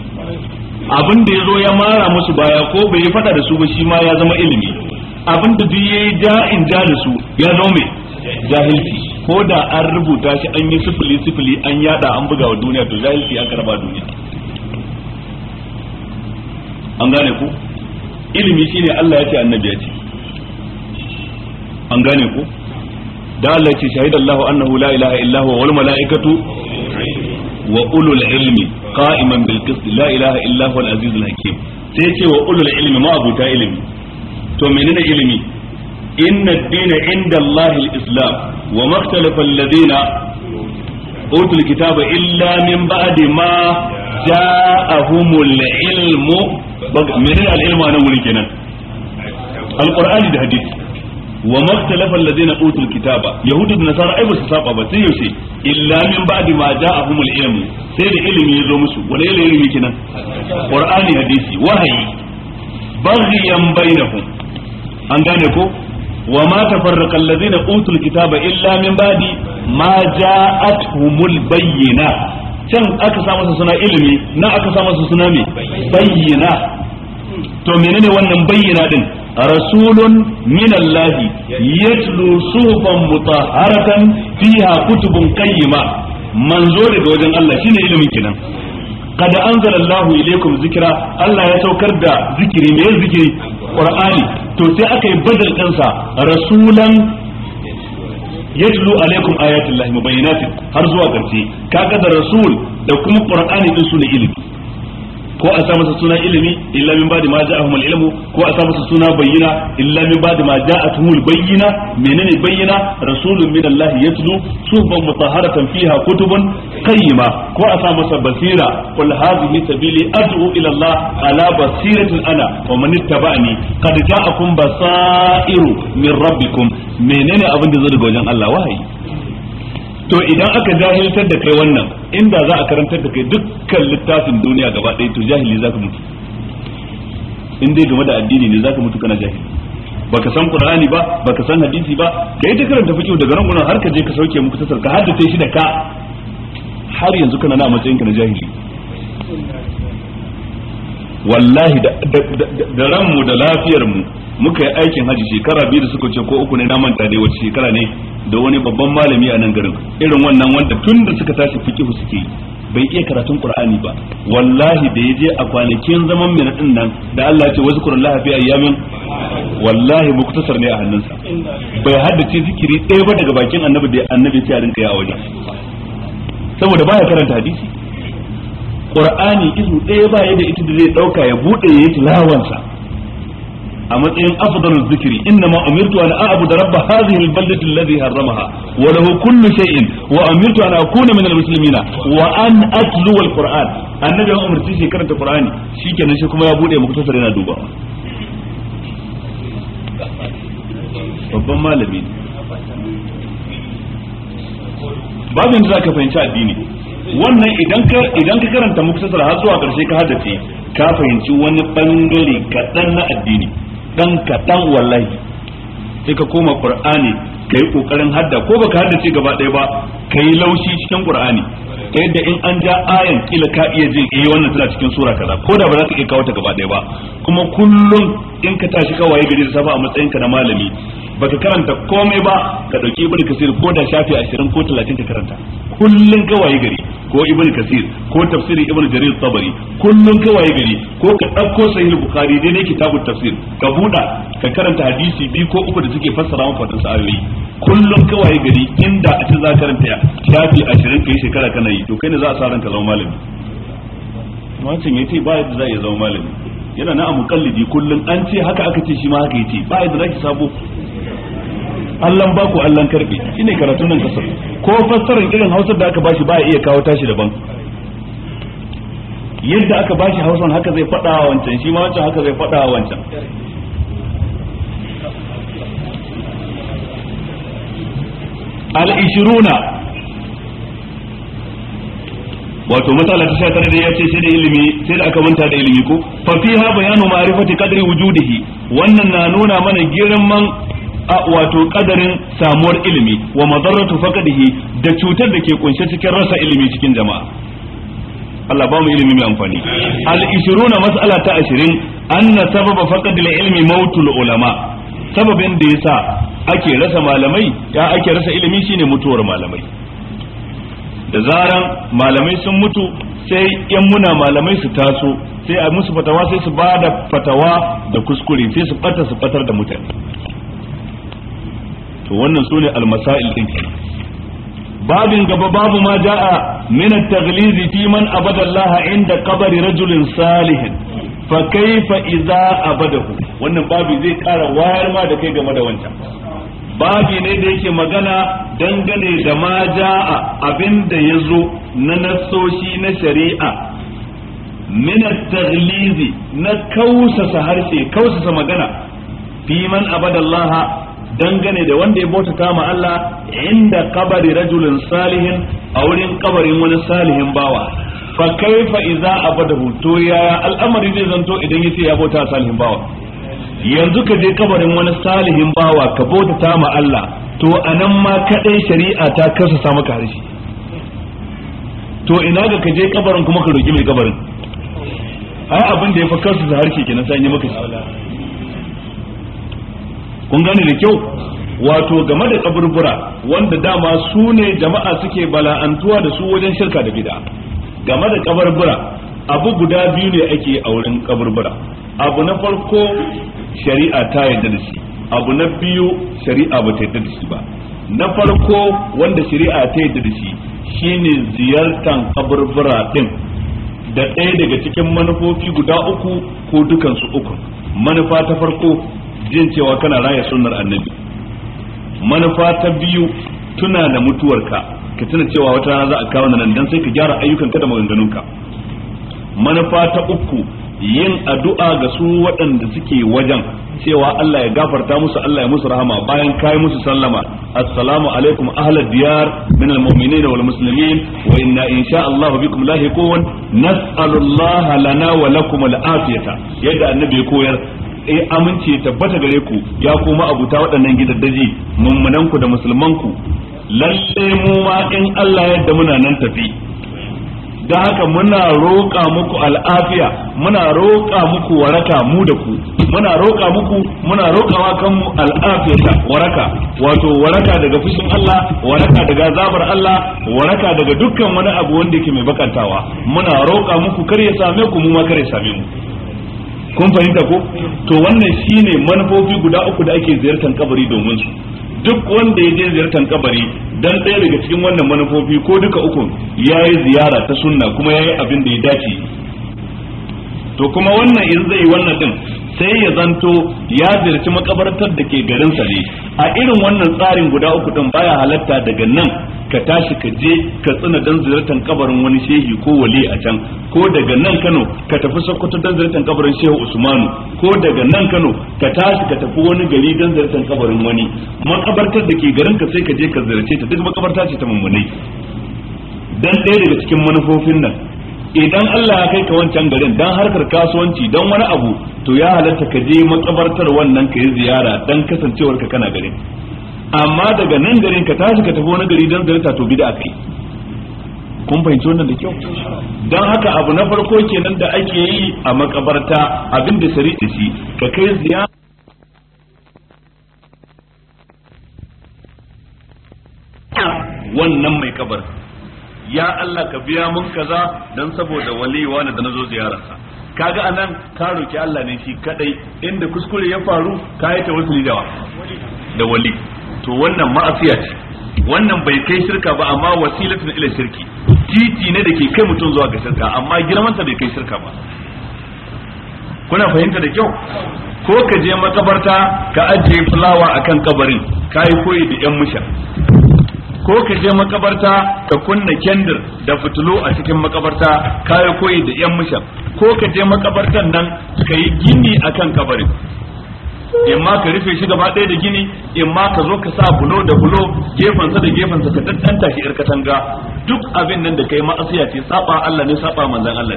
abin da yazo ya mara musu baya ko bai yi fada da su ba shi ma ya zama ilimi abin da duk yayi da'in ja da su ya zama mai jahilci ko da an rubuta shi an yi sifili sifili an yada an buga wa duniya to jahilci aka raba duniya an gane ku ilimi shine Allah ya ce annabi ya ce an gane ku da Allah ce shahidallahu annahu la ilaha illa huwa wal malaikatu wa ulul ilmi qa'iman bil qist la ilaha illa huwa al aziz al hakim sai ce wa ulul ilmi ma abuta ilmi to menene ilmi inna ad-dina inda Allah al islam wa makhtalafa alladhina utul kitaba illa min ba'di ma ja'ahumul ilmu menene al ilmu anan wuri kenan al qur'ani da hadisi wa maktalafa alladhina utul kitaba yahudu da nasara ai ba su saba ba sai yaushe illa min ba'di ma ja'ahumul ilm sai da ilimi ya zo musu wani ilimi kenan qur'ani hadisi wahayi baghiyan bainahum an gane ko wa ma tafarraqa alladhina utul kitaba illa min ba'di ma ja'atuhumul bayyina can aka sa masa suna ilimi na aka sa masa suna me bayyina to menene wannan bayyina din rasulun minallahi yatlu suhufan mutahharatan fiha kutubun qayyima manzo daga wajen Allah shine ilimin kenan قد أنزل الله إليكم ذكرى الله يسوكر دا ذكري ما ذكري قرآني تو سي أكي بدل أنسى رسولا يتلو عليكم آيات الله مبينات هرزوا قرتي كاكد الرسول لو كم قرآني إنسو لإلمي ko a sa masa suna ilimi illa min ba'di ma ja'ahum al-ilmu ko a sa masa suna bayyina illa min ba'di ma ja'atuhum al-bayyina menene bayyina rasulun min Allah yatlu suhban mutahharatan fiha kutubun qayyima ko a sa masa basira qul hadhihi sabili ad'u ila Allah ala basiratin ana wa man ittaba'ani qad ja'akum basairu min rabbikum menene abin da zai daga wajen Allah wahayi to idan aka jahiltar da kai wannan inda za a karantar da kai dukkan littafin duniya gaba ɗaya to jahili za ka mutu in dai game da addini ne za ka mutu kana jahili baka san qur'ani ba baka san hadisi ba kai ta karanta fiqh daga nan gurin har ka je ka sauke muku tasar ka haddace shi da ka har yanzu kana na matsayin ka na jahili wallahi da ranmu da lafiyar mu muka yi aikin haji shekara biyu da suka ce ko uku ne na manta dai wace shekara ne da wani babban malami a nan garin irin wannan wanda tun da suka tashi fikihu suke yi bai iya karatun qur'ani ba wallahi da ya je a kwanakin zaman mai din nan da Allah ya ce wasu qur'an lahafi a yamin wallahi muktasar ne a hannunsa bai haddace zikiri ɗaya ba daga bakin annabi da annabi sai a rinka yi a wajen saboda baya karanta hadisi qur'ani izu ɗaya ba ya da ita da zai dauka ya bude yayi tilawansa a matsayin afdalul zikri inna ma umirtu an a'budu rabb hadhihi al-baldati alladhi harramaha wa lahu kullu shay'in wa umirtu an akuna min al wa an atlu al annabi ya umarci shi karanta qur'ani shikenan shi kuma ya yana duba babban babin da fahimci addini wannan idan ka idan ka karanta muktasar har zuwa karshe ka haddace ka fahimci wani bangare kaɗan na addini dan kaɗan wallahi sai ka koma qur'ani ka yi kokarin hadda ko baka haddace gaba ɗaya ba ka yi laushi cikin qur'ani ta yadda in an ja ayan kila ka iya jin eh wannan tana cikin sura kaza ko da ba za ka iya kawo ta gaba ɗaya ba kuma kullum in ka tashi kawai gari da safa a matsayin na malami baka karanta komai ba ka dauki ibnu kasir ko da shafi 20 ko 30 ka karanta kullun gawaye gari ko ibnu kasir ko tafsirin ibnu jarir tabari kullun gawaye gari ko ka dauko sahih bukhari dai ne kitabut tafsir ka buda ka karanta hadisi bi ko uku da suke fassara maka wannan ayoyi kullun gawaye gari inda a ce za karanta ya shafi 20 kai shekara kana yi to kai ne za a sa ranka zama malami wancan yace ba yadda za ya zama malami yana na mukallidi kullun an ce haka aka ce shi ma haka yace ba yadda zaki sabo allan baku allan karbe shine karatu nan kasar ko fassarar irin hausar da aka bashi ba iya kawo tashi daban yadda aka bashi hausan haka zai faɗa wa wancan shi ma wancan haka zai faɗa wa wancan al-ishiruna wato matsala ta shakar da ya ce sai da ilimi sai da aka manta da ilimi ko fa fiha bayanu ma'rifati qadri wujudihi wannan na nuna mana girman A wato kadarin samuwar ilimi wa madarratu faqadihi da cutar da ke kunshe cikin rasa ilimi cikin jama'a Allah ba mu ilimi mai amfani al-ishruna mas'ala ta 20 anna sababa faqadil ilmi mautul ulama sababin da yasa ake rasa malamai ya ake rasa ilimi shine mutuwar malamai da zaran malamai sun mutu sai yan muna malamai su taso sai a musu fatawa sai su ba da fatawa da kuskure sai su fata su batar da mutane to wannan sune almasail din babin gaba babu ma jaa min at-taghliz fi man abada Allah inda qabri rajulin salihin fa kaifa idza abadahu wannan babi zai kara wayar ma da kai game da wancan Babu ne da yake magana dangane da ma ja'a abinda ya zo na nasoshi na shari'a min at na kausasa harshe kausasa magana fi man Allah dangane da wanda ya bautata ma Allah inda kabari rajulin salihin a wurin kabarin wani salihin bawa fa kaifa idza abadahu to yaya al'amari zai zanto idan yace ya bauta salihin bawa yanzu ka je kabarin wani salihin bawa ka bautata ma Allah to anan ma kadai shari'a ta kasa sa maka harshe to ina ga ka je kabarin kuma ka roki mai kabarin ai abin da ya fa kasa harshe kenan sai an yi maka kun gane da kyau wato game da kaburbura wanda dama su ne jama'a suke bala'antuwa da su wajen shirka da bid'a game da kaburbura abu guda biyu ne ake a wurin kaburbura abu na farko shari'a ta yarda da shi abu na biyu shari'a ba ta yarda da shi ba na farko wanda shari'a ta yarda da shi shine ziyartan kaburbura din da ɗaya daga cikin manufofi guda uku ko dukansu uku manufa ta farko jin cewa kana raya sunnar annabi manufa ta biyu tuna da mutuwarka ka tuna cewa wata rana za a kawo nan dan sai ka gyara ayyukan ka da ka manufa ta uku yin addu'a ga su waɗanda suke wajen cewa Allah ya gafarta musu Allah ya musu rahama bayan kai musu sallama assalamu alaikum ahlad diyar min almu'minina wal muslimin wa inna insha Allah bikum lahiqun nas'alullaha lana wa lakum al afiyata yadda annabi ya koyar eh aminci ya tabbata gare ku ya kuma abuta waɗannan gidaddaji mummunan ku da musulman ku lalle mu ma in Allah yadda muna nan tafi da haka muna roƙa muku al'afiya muna roƙa muku waraka mu da ku muna roƙa muku muna roƙawa kanmu al'afiyata waraka wato waraka daga fushin Allah waraka daga zabar Allah waraka daga dukkan wani abu wanda yake mai bakantawa muna roƙa muku kar ya same ku mu ma kar ya same mu kun fahimta ko to wannan shine manufofi guda uku da ake ziyartar kabari domin su duk wanda ya je ziyartar kabari dan ɗaya daga cikin wannan manufofi ko duka uku ya yi ziyara ta sunna kuma ya yi abin da ya dace to kuma wannan in zai wannan din sai ya zanto ya ziyarci makabartar da ke garinsa ne a irin wannan tsarin guda uku din baya halatta daga nan ka tashi ka je ka tsina dan ziyartar kabarin wani shehi ko wali a can ko daga nan Kano ka tafi Sokoto dan ziyartar kabarin Shehu Usmanu ko daga nan Kano ka tashi ka tafi wani gari dan ziyartar kabarin wani makabartar da ke garin ka sai ka je ka ziyarce ta duk makabarta ce ta mummunai dan ɗaya daga cikin manufofin nan idan Allah ya kai ka wancan garin dan harkar kasuwanci dan wani abu to ya halatta ka je makabartar wannan ka yi ziyara dan kasancewar ka kana garin amma daga nan garin ka tashi ka tafi wani gari dan zarta to bid'a kai kun fahimci wannan da kyau dan haka abu na farko kenan da ake yi a makabarta abinda shari'a shi ka kai ziyara wannan mai kabar ya Allah ka biya mun kaza dan saboda waliwa na da nazo ziyararsa kaga anan ka roki Allah ne shi kadai inda kuskure ya faru ka yi tawassuli da da wali to wannan ma'asiya ce wannan bai kai shirka ba amma wasilatun ila shirki titi ne da ke kai mutum zuwa ga shirka amma girmansa bai kai shirka ba kuna fahimta da kyau ko ka je makabarta ka ajiye fulawa akan kabarin ka yi koyi da yan musha ko ka je makabarta ka kunna kendir da fitilu a cikin makabarta kayi koyi da yan mushan ko ka je makabartan nan ka yi gini akan kabarin in ma ka rufe shi gaba ɗaya da gini in ma ka zo ka sa bulo da bulo gefensa da gefensa ka daddanta shi ir katanga duk abin nan da kai ma'asiya ce saba Allah ne saba manzon Allah ne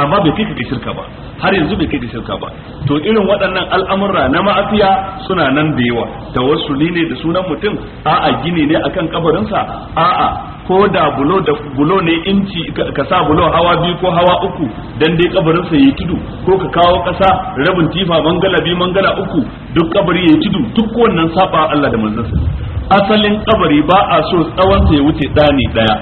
amma bai kika ka shirka ba har yanzu bai kai ga shirka ba to irin waɗannan al'amurra na ma'afiya suna nan da yawa tawassuli ne da sunan mutum a'a gini ne akan kabarinsa a'a ko da bulo da bulo ne inci ka sa bulo hawa biyu ko hawa uku dan dai sa yayi tudu ko ka kawo ƙasa rabin tifa mangala biyu mangala uku duk kabari yayi tudu duk wannan saba Allah da manzansa asalin kabari ba a so tsawon sa ya wuce ɗani ɗaya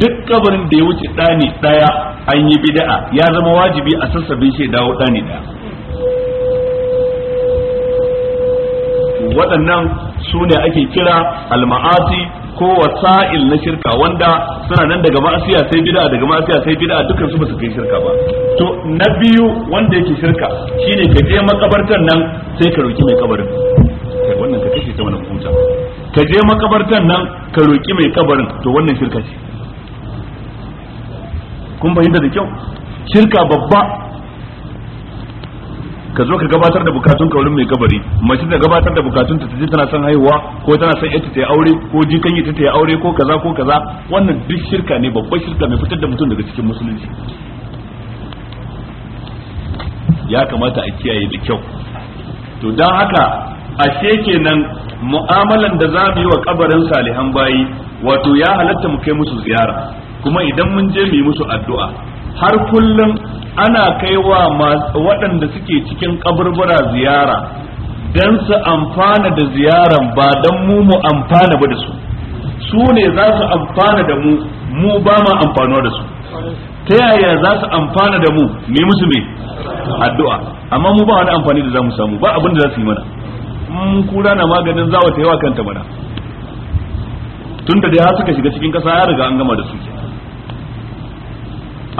duk kabarin da ya wuce ɗani ɗaya an yi bid'a ya zama wajibi a sassabin shi dawo ɗani ɗaya waɗannan su ne ake kira alma'asi ko wasa'il na shirka wanda suna nan daga ma'asiya sai bid'a daga ma'asiya sai bid'a dukkan su ba su kai shirka ba to na biyu wanda yake shirka shine ka je makabartan nan sai ka roki mai kabarin wannan ka kashe ta wani kuta ka je makabartan nan ka roki mai kabarin to wannan shirka ce kun fahimta da kyau shirka babba ka zo ka gabatar da bukatun ka wurin mai kabari mace ta gabatar da bukatun ta tana son haihuwa ko tana son ita ta yi aure ko jikan ita ta yi aure ko kaza ko kaza wannan duk shirka ne babbar shirka mai fitar da mutum daga cikin musulunci ya kamata a kiyaye da kyau to don haka ashe kenan mu'amalan da za mu yi wa kabarin salihan bayi wato ya halatta mu kai musu ziyara kuma idan mun je mu yi musu addu'a har kullum ana kaiwa waɗanda suke cikin kaburbura ziyara don su amfana da ziyaran ba don mu mu amfana ba da su su ne za su amfana da mu mu ba ma amfano da su ta yaya za su amfana da mu mai musu mai addu'a amma mu ba wani amfani da za mu samu ba abin da za su yi mana mun kura na maganin wa ta yawa kanta mana tun da dai har suka shiga cikin kasa ya riga an gama da su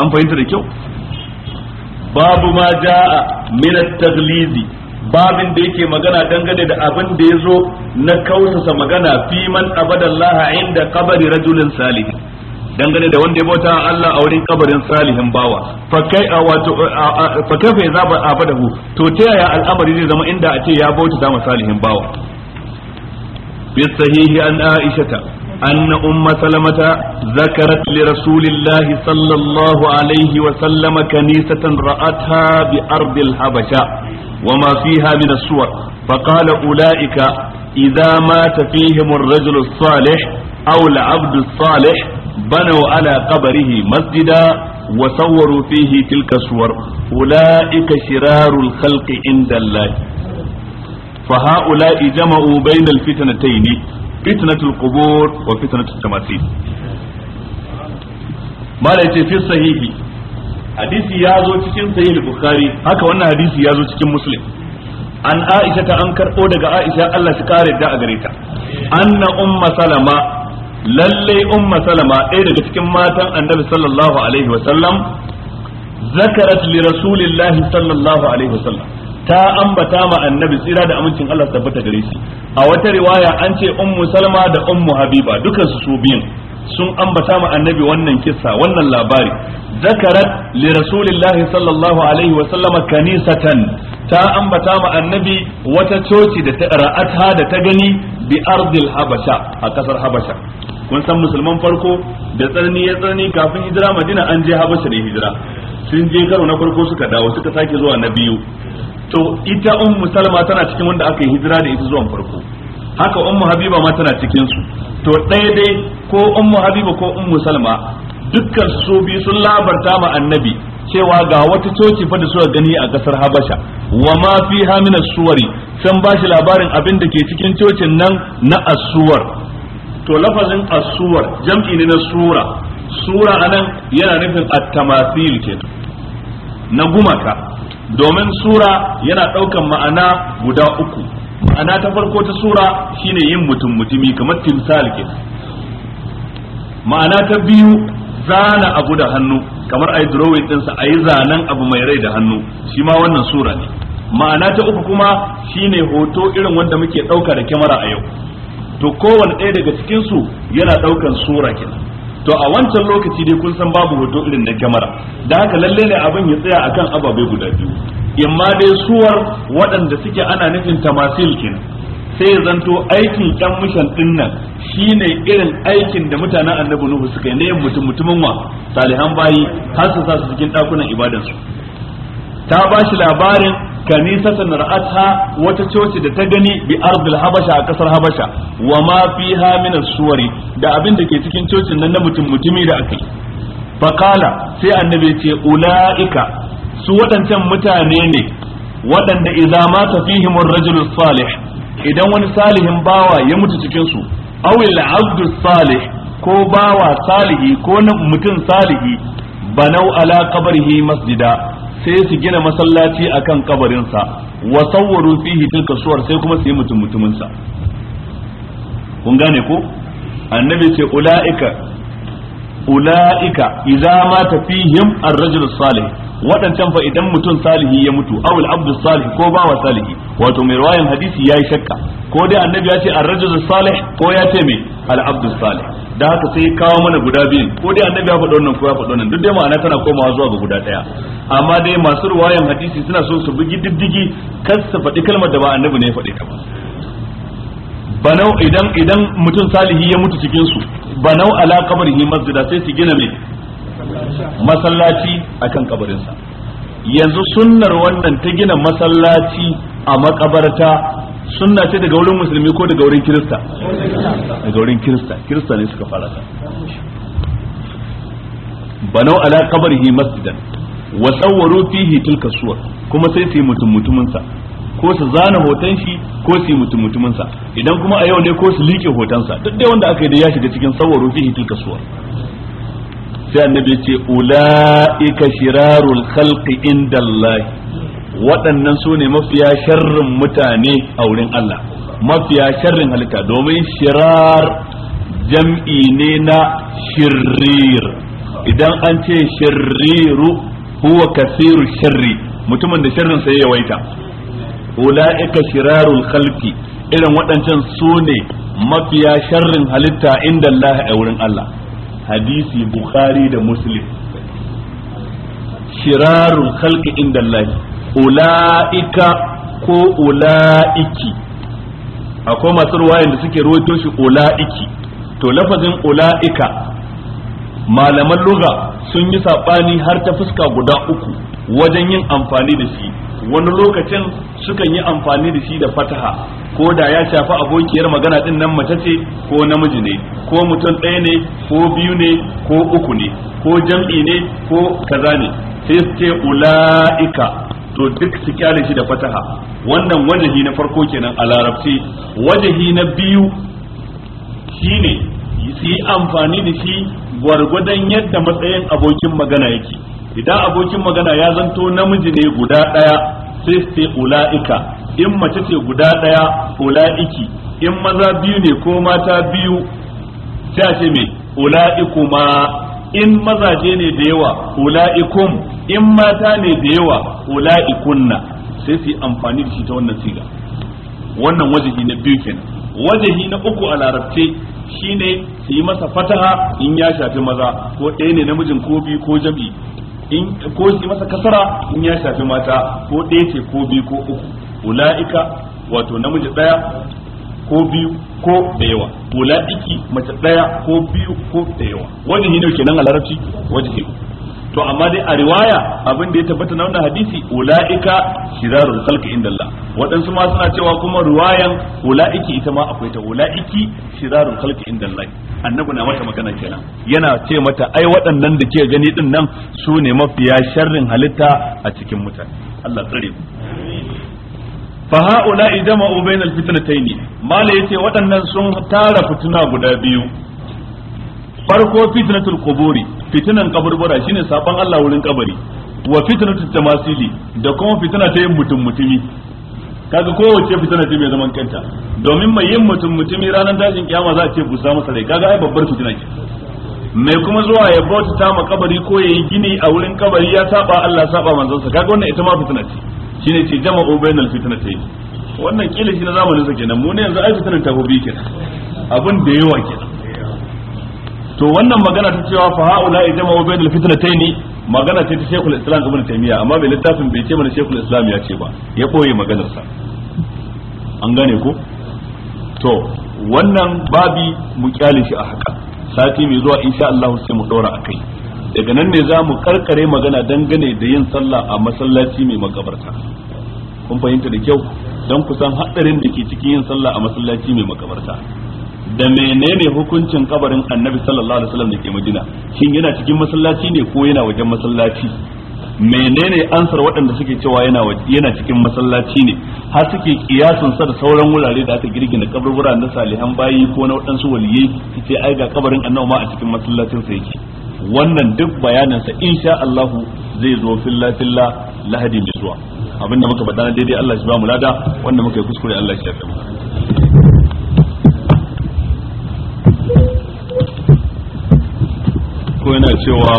an fahimta da kyau babu ma ja'a min at-taghlizi babin da yake magana dangane da abin da yazo na kausasa magana fi man abadallaha inda qabri rajulin salih dangane da wanda ya bauta Allah a wurin kabarin salihin bawa fakai a wato a fa yaza ba abadahu to ta yaya al'amari zai zama inda a ce ya bauta da salihin bawa bi sahihi an aisha أن أم سلمة ذكرت لرسول الله صلى الله عليه وسلم كنيسة رأتها بأرض الحبشة وما فيها من السور فقال أولئك إذا مات فيهم الرجل الصالح أو العبد الصالح بنوا على قبره مسجدا وصوروا فيه تلك الصور أولئك شرار الخلق عند الله فهؤلاء جمعوا بين الفتنتين fitnatul qubur wa fitnatul tamathil mala yace fi sahihi hadisi ya zo cikin sahih bukhari haka wannan hadisi ya zo cikin muslim an aisha ta an karbo daga aisha Allah shi kare da a gare ta anna umma salama Lallai umma salama ɗaya daga cikin matan annabi sallallahu alaihi wa sallam zakarat li rasulillahi sallallahu alaihi wa sallam ta ambata ma annabi tsira da amincin Allah tabbata gare shi a wata riwaya an ce ummu salma da ummu habiba dukan su biyun sun ambata ma annabi wannan kissa wannan labari zakarat li rasulillahi sallallahu alaihi wa sallama kanisatan ta ambata ma annabi wata coci da ta ra'atha da ta gani bi ardil habasha a kasar habasha kun san musulman farko da tsarni ya tsarni kafin hijira madina an je habasha da hijira sun je karo na farko suka dawo suka sake zuwa na biyu to ita ummu musalma tana cikin wanda aka yi hijira da ita zuwan farko haka ummu habiba ma tana cikin su to ɗaya dai ko ummu habiba ko ummu musalma dukkan su biyu sun labarta ma annabi cewa ga wata coci fa da suka gani a kasar Habasha wa ma fiha min as-suwari san shi labarin abin da ke cikin cocin nan na as-suwar to lafazin as-suwar jam'i ne na sura sura anan yana nufin at-tamathil kenan na gumaka domin sura yana ɗaukan ma'ana guda uku ma'ana ta farko ta sura shine yin mutum mutumi kamar timsal ke ma'ana ta biyu zana abu da hannu kamar a yi drawing ɗinsa a yi zanen abu mai rai da hannu shi ma wannan sura ne ma'ana ta uku kuma shine hoto irin wanda muke ɗauka da kyamara a yau to kowane ɗaya daga cikinsu yana ɗaukan sura kenan to a wancan lokaci dai kun san babu hoto irin na kyamara da haka lalle ne abin ya tsaya akan ababe guda biyu imma dai suwar waɗanda suke ana nufin tamasil kenan sai ya zanto aikin ɗan mishan ɗin nan shine irin aikin da mutanen annabi nuhu suka yi na yin mutum mutumin wa salihan bayi har su sa su cikin ɗakunan ibadansu ta ba shi labarin kanisatan ra'atha wata coci da ta gani bi ardil habasha a kasar habasha wa ma fiha min suwari da abin da ke cikin cocin nan na mutum mutumi da akai faqala sai annabi ce ulaika su waɗancan mutane ne waɗanda idza mata fihim ar-rajulu salih idan wani salihin bawa ya mutu cikin su aw al-abdu salih ko bawa salihi ko mutum salihi banau ala qabrihi masjida sai su gina masallaci akan kabarinsa wa sawwaru fihi tilka suwar sai kuma su yi mutum mutuminsa. kun gane ko annabi ce ulaika ulaika idza mata fihim ar-rajul salih wadancan fa idan mutum salihi ya mutu aw al-abdu salih ko bawa salihi wato mai ruwayan hadisi yayi shakka ko dai annabi ya ce an rajul salih ko ya ce mai al-abdu da haka sai kawo mana guda biyu ko dai annabi ya faɗo wannan ko ya faɗo wannan duk dai ma'ana tana komawa zuwa ga guda ɗaya amma dai masu ruwayan hadisi suna so su bugi diddigi kar su faɗi kalmar da ba annabi ne ya faɗi ta ba banau idan idan mutum salihi ya mutu cikin su banau ala kabarin masjida sai su gina mai masallaci akan kabarinsa yanzu sunnar wannan ta gina masallaci a makabarta sunna ce daga wurin musulmi ko daga wurin kirista daga wurin kirista kirista ne suka fara ta banau ala qabrihi masjidan wa sawwaru fihi tilka suwar kuma sai su yi mutum mutumin sa ko su zana hoton shi ko su yi mutum mutumin sa idan kuma a yau ne ko su liƙe hoton sa duk dai wanda aka yi da ya shiga cikin sawwaru fihi tilka suwar sai annabi ce ula'ika shirarul khalqi indallahi waɗannan su ne mafiya sharrin mutane a wurin Allah mafiya sharrin halitta domin shirar jam'i ne na shirrir idan an ce shirriru huwa kasiru sharri mutumin da sharrin sai ya waita ula'ika shirarul khalqi irin waɗancan su ne mafiya sharrin halitta inda Allah a wurin Allah hadisi bukhari da muslim shirarun khalqi inda Allah ula'ika ko ula'iki akwai masu ruwayan da suke ruwaito shi ula'iki to lafazin ula'ika malaman lugha sun yi saɓani har ta fuska guda uku wajen yin amfani da shi wani lokacin sukan yi amfani da shi da fataha ko da ya shafi abokiyar magana din nan mace ce ko namiji ne ko mutum ɗaya ne ko biyu ne ko uku ne ko jam'i ne ko kaza ne sai su ce ula'ika to duk su kyale shi da fataha wannan wajahi na farko kenan a larabci wajahi na biyu shine su yi amfani da shi gwargwadon yadda matsayin abokin magana yake idan abokin magana ya zanto namiji ne guda ɗaya sai su ce ula'ika in mace ce guda daya ulaiki in maza biyu ne ko mata biyu sai a ce me ulaikuma in mazaje ne da yawa ulaikum in mata ne da yawa ulaikunna sai su yi amfani da shi ta wannan siga wannan wajihi na biyu kenan wajihi na uku a larabce shine su yi masa fataha in ya shafi maza ko ɗaya ne namijin ko biyu ko jami'i ko su yi masa kasara in ya shafi mata ko ɗaya ce ko biyu ko uku ula'ika wato namiji daya ko biyu ko da yawa ula'iki mace daya ko biyu ko da yawa wajen ne kenan a larabci wajihi to amma dai a riwaya abin da ya tabbata na wannan hadisi ula'ika shirarul khalqi Allah waɗansu ma suna cewa kuma riwayan ula'iki ita ma akwai ta ula'iki shirarul khalqi Allah annabi na mata magana kenan yana ce mata ai waɗannan da ke gani din nan su ne mafiya sharrin halitta a cikin mutane Allah tsare ku fa haula jama'u bainal fitnatayn mala yace waɗannan sun tara fituna guda biyu farko fitnatul quburi fitnan kaburbura shine saban Allah wurin kabari wa fitnatul tamasili da kuma fitna ta yin mutum mutumi kaga kowace fitna ce mai zaman kanta domin mai yin mutum mutumi ranar dajin kiyama za a ce busa masa rai kaga ai babbar fitina ce mai kuma zuwa ya bauta ta ma kabari ko yayi gini a wurin kabari ya saba Allah saba manzon sa kaga wannan ita ma fitna ce shine ce jama'u bainal fitnatayn wannan kila shi na zamanin sa kenan mu ne yanzu ai fitnan ta gobe kenan abin da yawa kenan to wannan magana ta cewa fa haula ya jama'u bainal fitnatayn magana ce ta Sheikhul Islam Ibn Taymiyyah amma bai littafin bai ce mana Sheikhul Islam ya ce ba ya koyi maganar sa an gane ko to wannan babi mu kyale shi a haka sati mai zuwa insha Allah sai mu daura akai daga nan ne za mu karkare magana dangane da yin sallah a masallaci mai makabarta kun fahimta da kyau don kusan haɗarin da ke cikin yin sallah a masallaci mai makabarta da menene hukuncin kabarin annabi sallallahu alaihi wasallam da ke madina shin yana cikin masallaci ne ko yana wajen masallaci menene ansar waɗanda suke cewa yana yana cikin masallaci ne har suke kiyasin sa da sauran wurare da aka da kaburburan na salihan bayi ko na waɗansu waliyai su ce ai ga kabarin annabi ma a cikin masallacin sa yake wannan duk bayaninsa insha Allah zai zo filla filla lahadi mai zuwa abinda muka faɗa daidai Allah shi ba mu lada wanda muka yi kuskure Allah shi ya mu ko yana cewa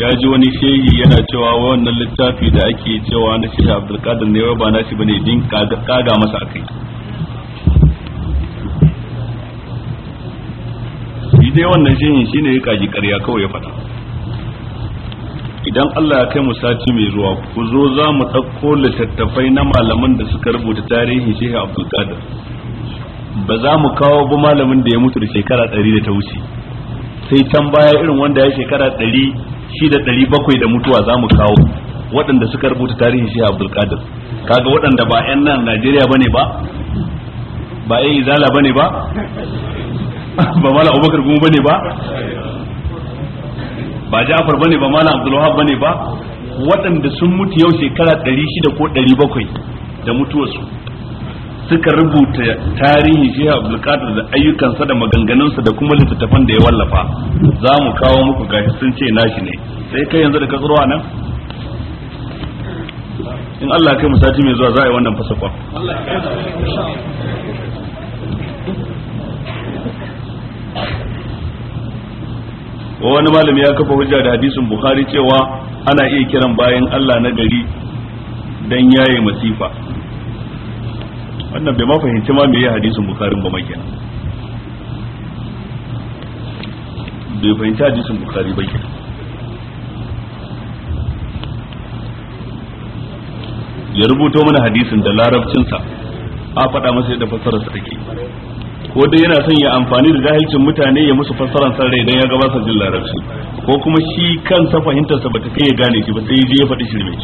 ya ji wani shehi yana cewa wannan littafi da ake cewa na shi Abdulkadir ne ba na shi bane din kaga masa akai dai wannan shehin ne ya kaji ƙarya kawai ya faɗa idan Allah ya kai mu sati mai zuwa ku zo za mu ɗauko littattafai na malaman da suka rubuta tarihin shehi Abdul Qadir ba za mu kawo ba malamin da ya mutu da shekara ɗari da ta wuce sai can baya irin wanda ya shekara ɗari shi da ɗari bakwai da mutuwa za mu kawo waɗanda suka rubuta tarihin shehi Abdul Qadir kaga waɗanda ba 'yan nan Najeriya ba ne ba ba 'yan izala ne ba ba mala abubakar gumu bane ba ba ja'far bane ba mala abdul bane ba waɗanda sun mutu yau shekara 600 ko 700 da mutuwarsu suka rubuta tarihi shehu abdulkadir da ayyukansa da maganganunsa da kuma littattafan da ya wallafa za mu kawo muku gashi sun ce nashi ne sai kai yanzu da ka tsoro nan in Allah kai mu sati mai zuwa za a yi wannan fasakon wani malami ya kafa hujja da hadisin bukhari cewa ana iya kiran bayan Allah na gari dan yaye masifa wannan bai ma fahimci ma meye hadisin Bukhari ba mai kenan bai fahimci hadisin bukhari ba kenan ya rubuto mana hadisin da larabcinsa a faɗa masa yadda fassararsa take ko dai yana son ya amfani da jahilcin mutane ya musu fassaran san idan ya gabasa jin larabci ko kuma shi kansa fahimtarsa bata kai ya gane shi ba sai ya faɗi shirme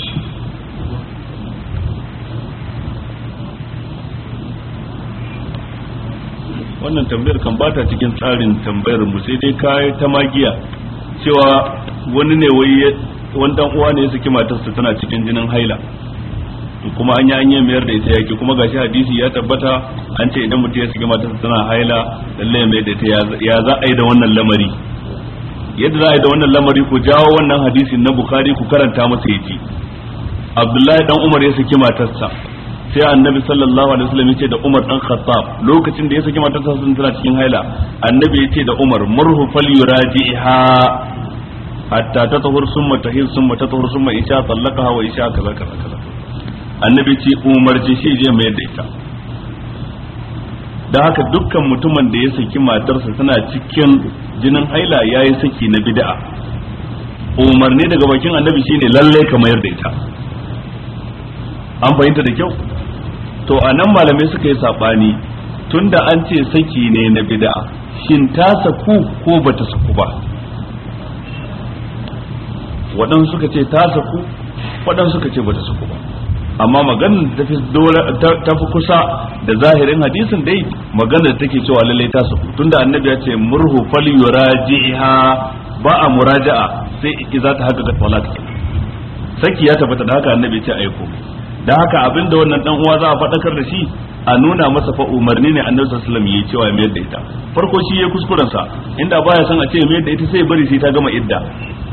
wannan tambayar kan bata cikin tsarin tambayar mu sai dai kai ta magiya cewa wani ne wai wani dan uwa ne ya saki matarsa tana cikin jinin haila kuma an yi an yi mayar da ita yaki kuma gashi hadisi ya tabbata an ce idan mutum ya shiga matarsa tana haila lalle mai da ita ya za a yi da wannan lamari yadda za a yi da wannan lamari ku jawo wannan hadisin na bukhari ku karanta masa yaji abdullahi dan umar ya saki matarsa sai annabi sallallahu alaihi wasallam ce da umar dan khattab lokacin da ya saki matarsa sun tana cikin haila annabi ya ce da umar murhu fal yurajiha hatta tatahur summa tahir summa tatahur summa isha tallaqaha wa isha kaza kaza kaza annabi ce umarci shi je mai da ita da haka dukkan mutumin da ya saki matarsa tana cikin jinin haila ya yi saki na Umar umarni daga bakin annabi shi ne lallai ka mayar da ita an fahimta da kyau to a nan malamai suka yi saɓani tunda an ce saki ne na bida'a shin ta saku ko ba ta saku ba waɗansu suka ce ta saku waɗansu suka ce ba ta saku ba amma maganar da ta fi kusa da zahirin hadisin dai maganar da take cewa lallai ta su tunda annabi ya ce murhu fal yuraji'ha ba a muraja'a sai za ta haka da salat saki ya tabbata da haka annabi ya ce aiko da haka abinda wannan dan uwa za a fadakar da shi a nuna masa fa umarni ne annabi sallallahu alaihi wasallam yayi cewa mayar da ita farko shi ya kuskuren sa inda baya son a ce mayar da ita sai bari sai ta gama idda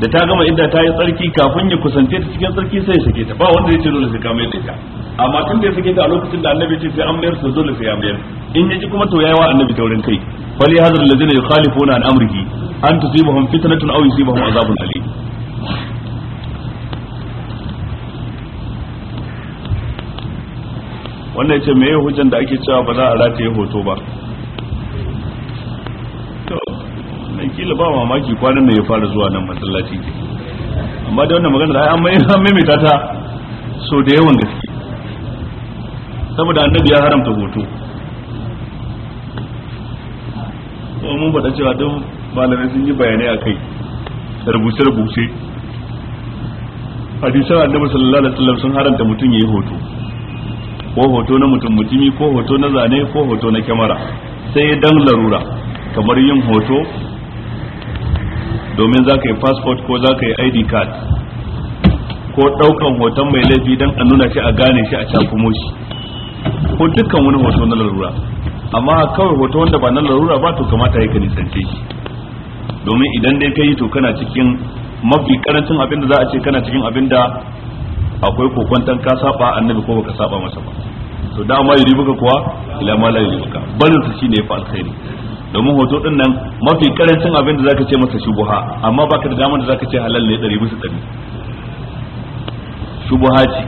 da ta gama idda ta yi tsarki kafin ya kusance ta cikin tsarki sai ya sake ta ba wanda ya ce dole sai ka mayar da ita amma tun da ya sake ta a lokacin da annabi ce sai an mayar sa dole sai ya mayar in yaji kuma to yayi wa annabi taurin kai fal yahzar allazina yukhalifuna an amrihi an tusibuhum fitnatun aw yusibuhum azabun alim wannan ce me hujjan da ake cewa ba za a rataye hoto ba to mai kila ba mamaki kwanan da ya fara zuwa nan masallaci amma da wannan magana da an mai an maimaita ta so da yawan gaske saboda annabi ya haramta hoto ko mun faɗa cewa don malamai sun yi bayanai a kai rubuce-rubuce hadisan annabi sallallahu alaihi wasallam sun haramta mutum yayi hoto ko hoto na mutum mutumi ko hoto na zane ko hoto na kyamara sai dan larura kamar yin hoto domin za ka yi passport ko za ka yi id card ko ɗaukan hoton mai laifi don a nuna shi a gane shi a cakumo shi ko dukkan wani hoto na larura amma kawai hoto wanda ba na larura ba to kamata ya ka nisance shi domin idan dai ka yi to kana cikin mafi karancin abin da za a ce kana cikin abin da akwai kokon ka saba annabi ko baka saba masa ba to da ma yi baka kuwa ila ma la yuri baka barin sa shine yafi alkhairi domin hoto din nan mafi karancin abin da zaka ce masa shubuha amma baka da damar da zaka ce halal ne 100 bisa 100 shubuha ce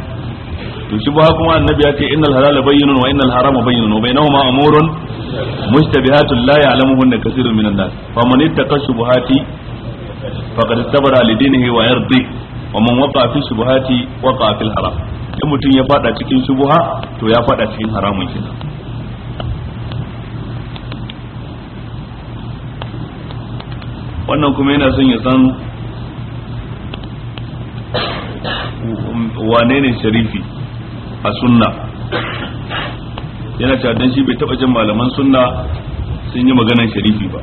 to shubuha kuma annabi ya ce innal halala bayyinun wa innal harama bayyinun wa bainahuma umurun mushtabihatun la ya'lamuhunna kathirun minan nas faman ittaqa shubuhati faqad istabara li dinihi wa yardi wa man waqa fi shubuhati waqa fil haram in mutum ya fada cikin shubuha to ya fada cikin haramun kenan wannan kuma yana son ya san wane ne sharifi a sunna yana cewa dan shi bai taba jin malaman sunna sun yi maganan sharifi ba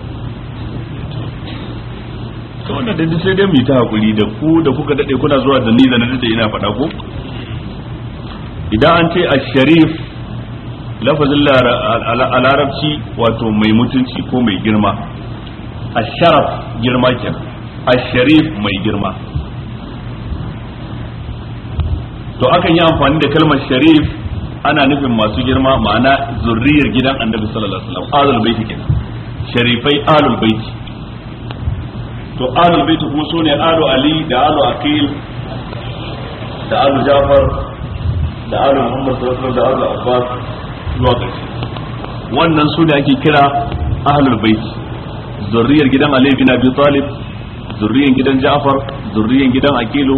to wanda da sai dai mu ta hakuri da ku da kuka dade kuna zuwa da ni da na dade ina faɗa ko idan an ce ash-sharif lafazin larabci wato mai mutunci ko mai girma ash-sharaf girma kenan ash-sharif mai girma to akan yi amfani da kalmar sharif ana nufin masu girma ma'ana zurriyar gidan annabi sallallahu alaihi wasallam alul baiti kenan sharifai alul baiti to alu baiti kuma sune alu ali da alu aqil da alu jafar da alu muhammad sallallahu da alu abbas zuwa ƙarshe wannan su ne ake kira ahlul bait zurriyar gidan ali bin abi talib zurriyar gidan ja'far zurriyar gidan aqilu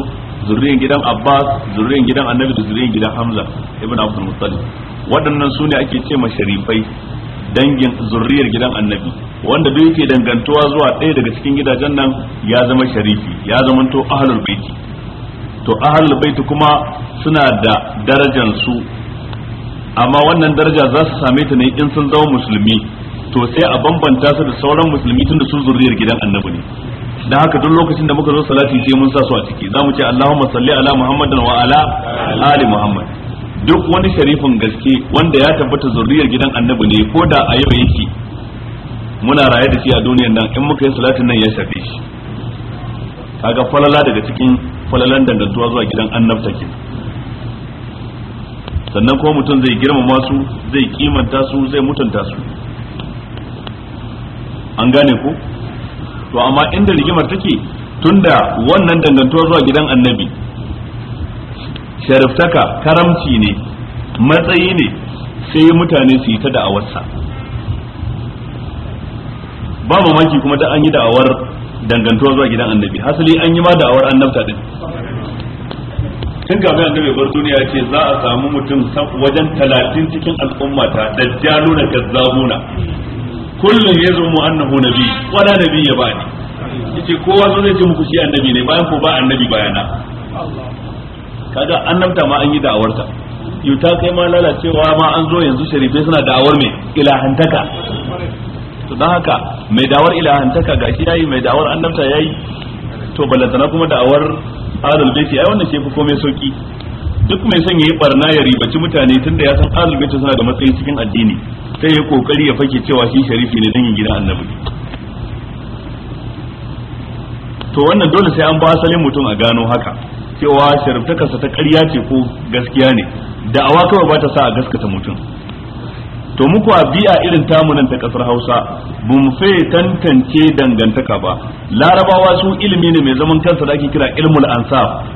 zurriyar gidan abbas zurriyar gidan annabi da zurriyar gidan hamza ibn abdul muttalib waɗannan su ne ake ce ma sharifai dangin zurriyar gidan annabi wanda duk yake dangantuwa zuwa ɗaya daga cikin gidajen nan ya zama shariki ya zama to ahlul baiti to ahlul baiti kuma suna da darajar su amma wannan daraja za su same ta ne in sun zama musulmi to sai a bambanta su da sauran musulmi tun da su zuriyar gidan annabi ne dan haka duk lokacin da muka zo salati sai mun sa su a ciki zamu ce Allahumma salli ala Muhammadin wa ala ali Muhammad duk wani sharifin gaske wanda ya tabbata zuriyar gidan annabi ne ko da a yau yake muna raye da shi a duniyar nan in muka yi salatin nan ya shafe shi kaga falala daga cikin falalan dangantuwa zuwa gidan annabta ke sannan kuma mutum zai girmama su zai kimanta su zai mutunta su an gane ko to amma inda rigimar take tunda wannan dangantuwa zuwa gidan annabi shariftaka karamci ne matsayi ne sai mutane su yi ta da'awarsa ba mamaki kuma da an yi da'awar dangantuwa zuwa gidan annabi hasali an yi ma da'awar annabta din tun kafin annabi bar duniya ce za a samu mutum wajen talatin cikin al'umma ta dajjaluna kazzabuna kullum ya zo annahu nabi wala nabi ya bani yace kowa zo zai ce muku shi annabi ne bayan ko ba annabi bayana kaga annabta ma an yi da'awarta yuta kai ma lalacewa ma an zo yanzu sharife suna da'awar mai ilahantaka to dan haka mai dawar ilahantaka gashi yayi mai dawar annabta yayi to balantana kuma da'awar adal baiti ai wannan shefu komai sauki duk mai son yayi barna ya ribaci mutane tunda ya san adal baiti suna da matsayi cikin addini sai ya kokari ya fake cewa shi sharifi ne dangin gidan annabi to wannan dole sai an ba salin mutum a gano haka cewa sharaftakarsa ta ƙarya ce ko gaskiya ne da'awa kawai ba ta sa a gaskata mutum to muku a bi'a irin tamu nan ta kasar Hausa bu mu faye tantance dangantaka ba larabawa su ilimi ne mai zaman kansa da ake kira ilmul ansaf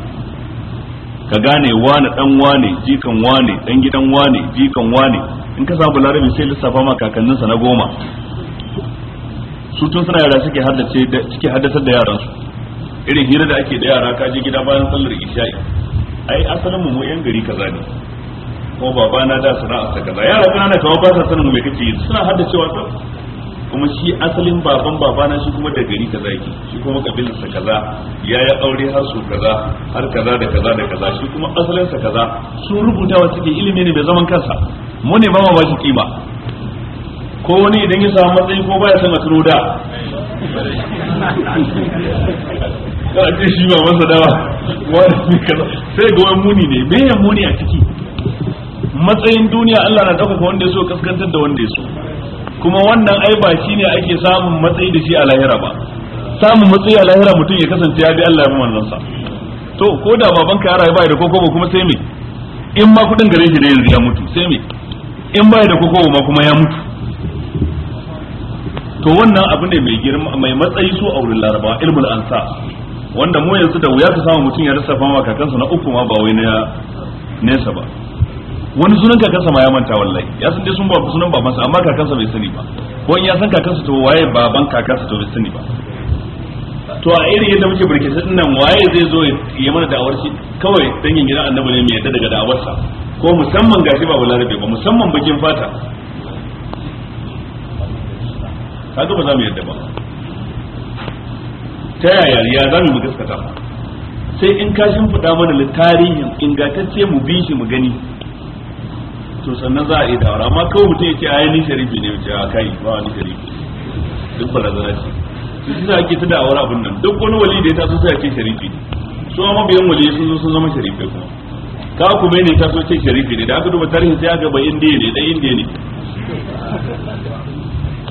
ka gane wane dan wane jikan wane dan gidan wane jikan wane in ka samu larabi sai lissafa ma kakanninsa na goma su tun suna yara suke haddace suke haddasar da yaran su irin hira da ake da yara ka je gida bayan sallar isha'i ai asalin mu mu yan gari kaza ne ko babana da sana'a ta kaza yara kanana kawo ba sa sanin me kake yi suna haddacewa to kuma shi asalin baban babana shi kuma da gari kaza yake shi kuma sa kaza ya yi aure har su kaza har kaza da kaza da kaza shi kuma sa kaza su rubutawa suke ilimi ne bai zaman kansa mu ne ba mu ba shi kima ko wani idan ya samu matsayi ko baya son a da ka ce shi ba masa dawa wani kaza sai ga wani muni ne me muni a ciki matsayin duniya Allah na ɗaukaka wanda ya so kaskantar da wanda ya so kuma wannan ai ba shi ne ake samun matsayi da shi a lahira ba samun matsayi a lahira mutum ya kasance ya bi Allah ya manzon sa to ko da babanka ya rayu ba da ba kuma sai me in ma kudin gare shi da yanzu ya mutu sai me in ba da koko ma kuma ya mutu to wannan abu ne mai girma mai matsayi su a wurin larabawa ilmul ansa wanda mu yanzu da wuya ka samu mutum ya rasa fama kakansa na uku ma ba wai na nesa ba wani sunan kakansa ma ya manta wallahi ya san dai sun ba sunan sa amma kakansa bai sani ba ko in ya san kakansa to waye baban kakansa to bai sani ba to a irin yadda muke burke sai nan waye zai zo ya mana da'awar shi kawai dangin gidan annabi ne mai yadda daga da'awarsa ko musamman gashi ba balarabe ba musamman bakin fata kaga ba za mu yadda ba ta yaya ya za mu gaskata sai in kashin fada mana tarihin ingantacce mu bi shi mu gani to sannan za a yi daura amma kawai mutum ya ce ai ni sharifi ne wuce a kai ba ni sharifi duk barazana shi su shi ake ta da'awar abin nan duk wani wali da ya taso sai a ce sharifi ne su amma biyan wali sun zo sun zama sharifi kuma ka ku bai ne so ce sharifi ne da aka duba tarihi sai aka ba indiya ne dan indiya ne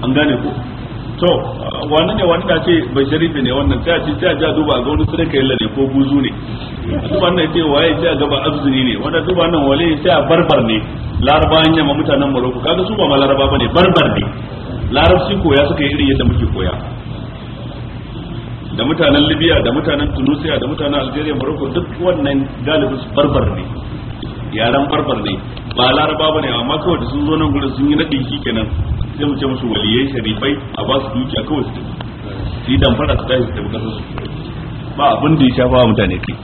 an gane ko to wannan ne wani ta ce bai sharifi ne wannan sai a ce sai a ja duba a ga wani sadaka yalla ne ko buzu ne duba nan ce waye ce a gaba abzuri ne wanda duba nan wale ce a barbar ne larabawan yamma mutanen maroko kaga su ba ma laraba bane barbar ne larabci koya suka yi irin yadda muke koya da mutanen libya da mutanen tunisia da mutanen algeria maroko duk wannan galibi su barbar ne yaran barbar ne ba laraba ba ne amma kawai da sun zo nan gurin sun yi nadi shi kenan sai mu ce musu waliyai sharifai a ba su dukiya kawai su tafi su yi damfara su tashi su tafi kasar su ba abin da ya shafa mutane kai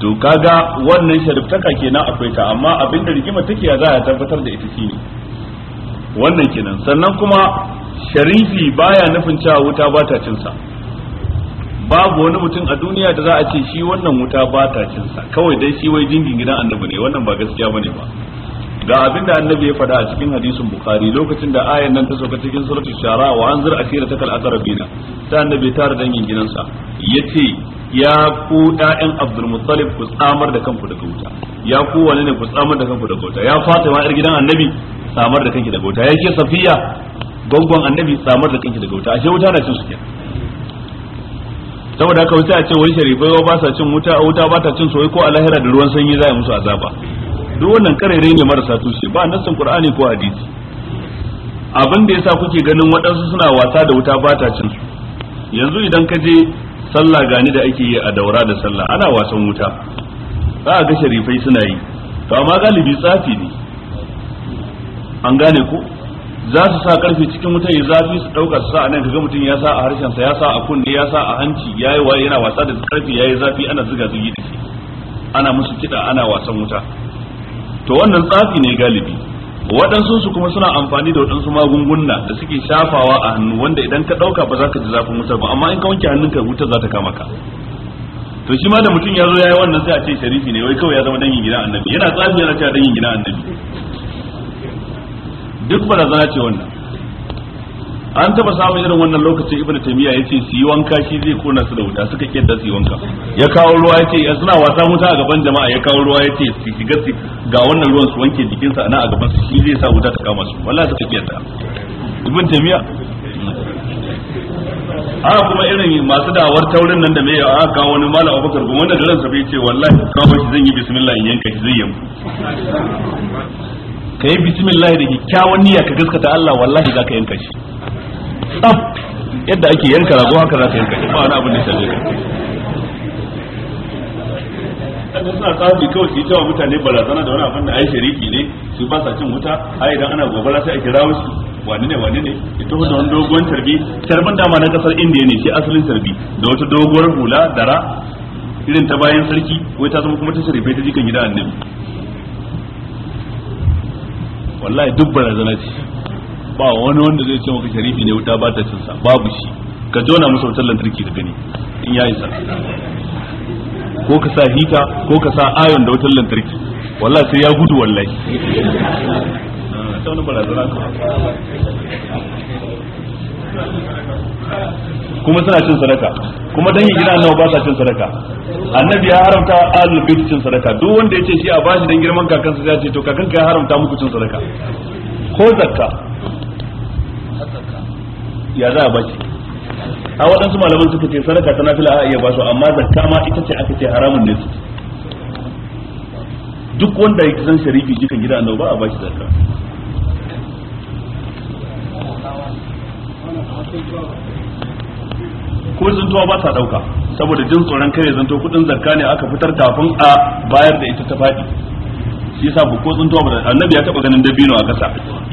to kaga wannan shariftaka kenan akwai ta amma abin da rigima take ya za a tabbatar da ita shine wannan kenan sannan kuma sharifi baya nufin cewa wuta ba ta cin sa babu wani mutum a duniya da za a ce shi wannan wuta ba ta cin sa kawai dai shi wai jingin gidan annabi ne wannan ba gaskiya bane ba ga abin da annabi ya faɗa a cikin hadisin bukhari lokacin da ayan nan ta sauka cikin suratul shara wa anzir asiratakal azrabina ta annabi ya tara dangin gidansa yace ya ku ɗayan abdulmuttalib ku tsamar da kanku daga wuta ya ku wani ne ku tsamar da kanku daga wuta ya fatima yar gidan annabi tsamar da kanki daga wuta ya ke safiya gongon annabi tsamar da kanki daga wuta ashe wuta na cin su saboda haka wuta a ce wai sharifai ba sa cin wuta wuta ba ta cin soyayya ko a lahira da ruwan sanyi za a musu azaba duk wannan karere ne marasa tushe ba nassin qur'ani ko hadisi abin da yasa kuke ganin waɗansu suna wasa da wuta ba ta cin su yanzu idan ka je sallah gani da ake yi a daura da sallah ana wasan wuta za a ga sharifai suna yi to amma galibi tsafi ne an gane ko za su sa karfe cikin wuta ya zafi su dauka su sa a nan kaga mutum ya sa a harshen sa ya sa a kunne ya sa a hanci yayi waye yana wasa da karfe yayi zafi ana zuga zugi da shi ana musu kida ana wasan wuta to wannan tsafi ne galibi waɗansu su kuma suna amfani da waɗansu magunguna da suke shafawa a hannu wanda idan ka ɗauka ba za ka ji zafin wutar ba amma in ka wanke hannunka wutar za ta kama ka to shi ma da mutum ya zo ya yi wannan sai a ce sharifi ne wai kawai ya zama dangin gidan annabi yana tsafi yana cewa dangin gidan annabi duk ba barazana ce wannan an taba samun irin wannan lokacin ibn taymiya yace su yi wanka shi zai kona su da wuta suka da su yi wanka ya kawo ruwa yace ya suna wasa wuta a gaban jama'a ya kawo ruwa yace su shiga su ga wannan ruwan su wanke jikin sa ana a gaban su shi zai sa wuta ta kama su wallahi suka kiyarda ibn taymiya a kuma irin masu dawar taurin nan da mai a kawo wani malam abubakar kuma wanda garin ransa bai ce wallahi kawo shi zan yi bismillah in yanka shi zai yanku ka yi bismillah da kyakkyawan niyya ka gaskata Allah wallahi za ka yanka shi tsaf yadda ake yanka rago haka za ka yanka shi ba wani abin da shafe ka sannan suna tsafi kawai su yi cewa mutane barazana da wani abin da ai shariki ne su ba sa cin wuta a idan ana gobara sai a kira wasu wani ne wani ne ita da wani doguwar tarbi tarbin dama na kasar indiya ne shi asalin tarbi da wata doguwar hula dara irin ta bayan sarki wai ta zama kuma ta sharife ta jikan gida annabi wallahi duk barazana ce ba wani wanda zai ce maka sharifi ne wuta ba ta cin sa babu shi ka jona musu wutar lantarki da gani in yayi sa ko ka sa hita ko ka sa ayon da wutar lantarki wallahi sai ya gudu wallahi kuma suna cin sadaka kuma dangin gidan annabi ba sa cin sadaka annabi ya haramta ahlul bait cin sadaka duk wanda yace shi a bashi dan girman kakansa sai ya ce to kakanka ya haramta muku cin sadaka ko zakka ya za a bashi a waɗansu malaman suka ce sadaka ta nafila a iya ba su amma zakka ma ita ce aka ce haramun ne su. duk wanda ya san sharifi jikan gida annabi ba a bashi zakka ko zantowa ba ta dauka saboda jin tsoron kare zanto kudin zakka ne aka fitar kafin a bayar da ita ta faɗi shi yasa bu ko tsuntuwa ba annabi ya taba ganin dabino a kasa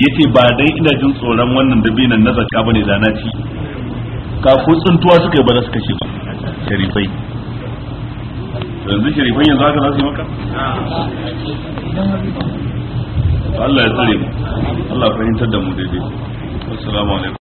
yace ba dai ina jin tsoron wannan dabinon na zakka bane da na ci ka ko tsuntuwa suka yi ba za su kashe ba sharifai yanzu sharifai yanzu haka za su yi maka Allah ya tsare mu Allah fahimtar da mu daidai assalamu alaikum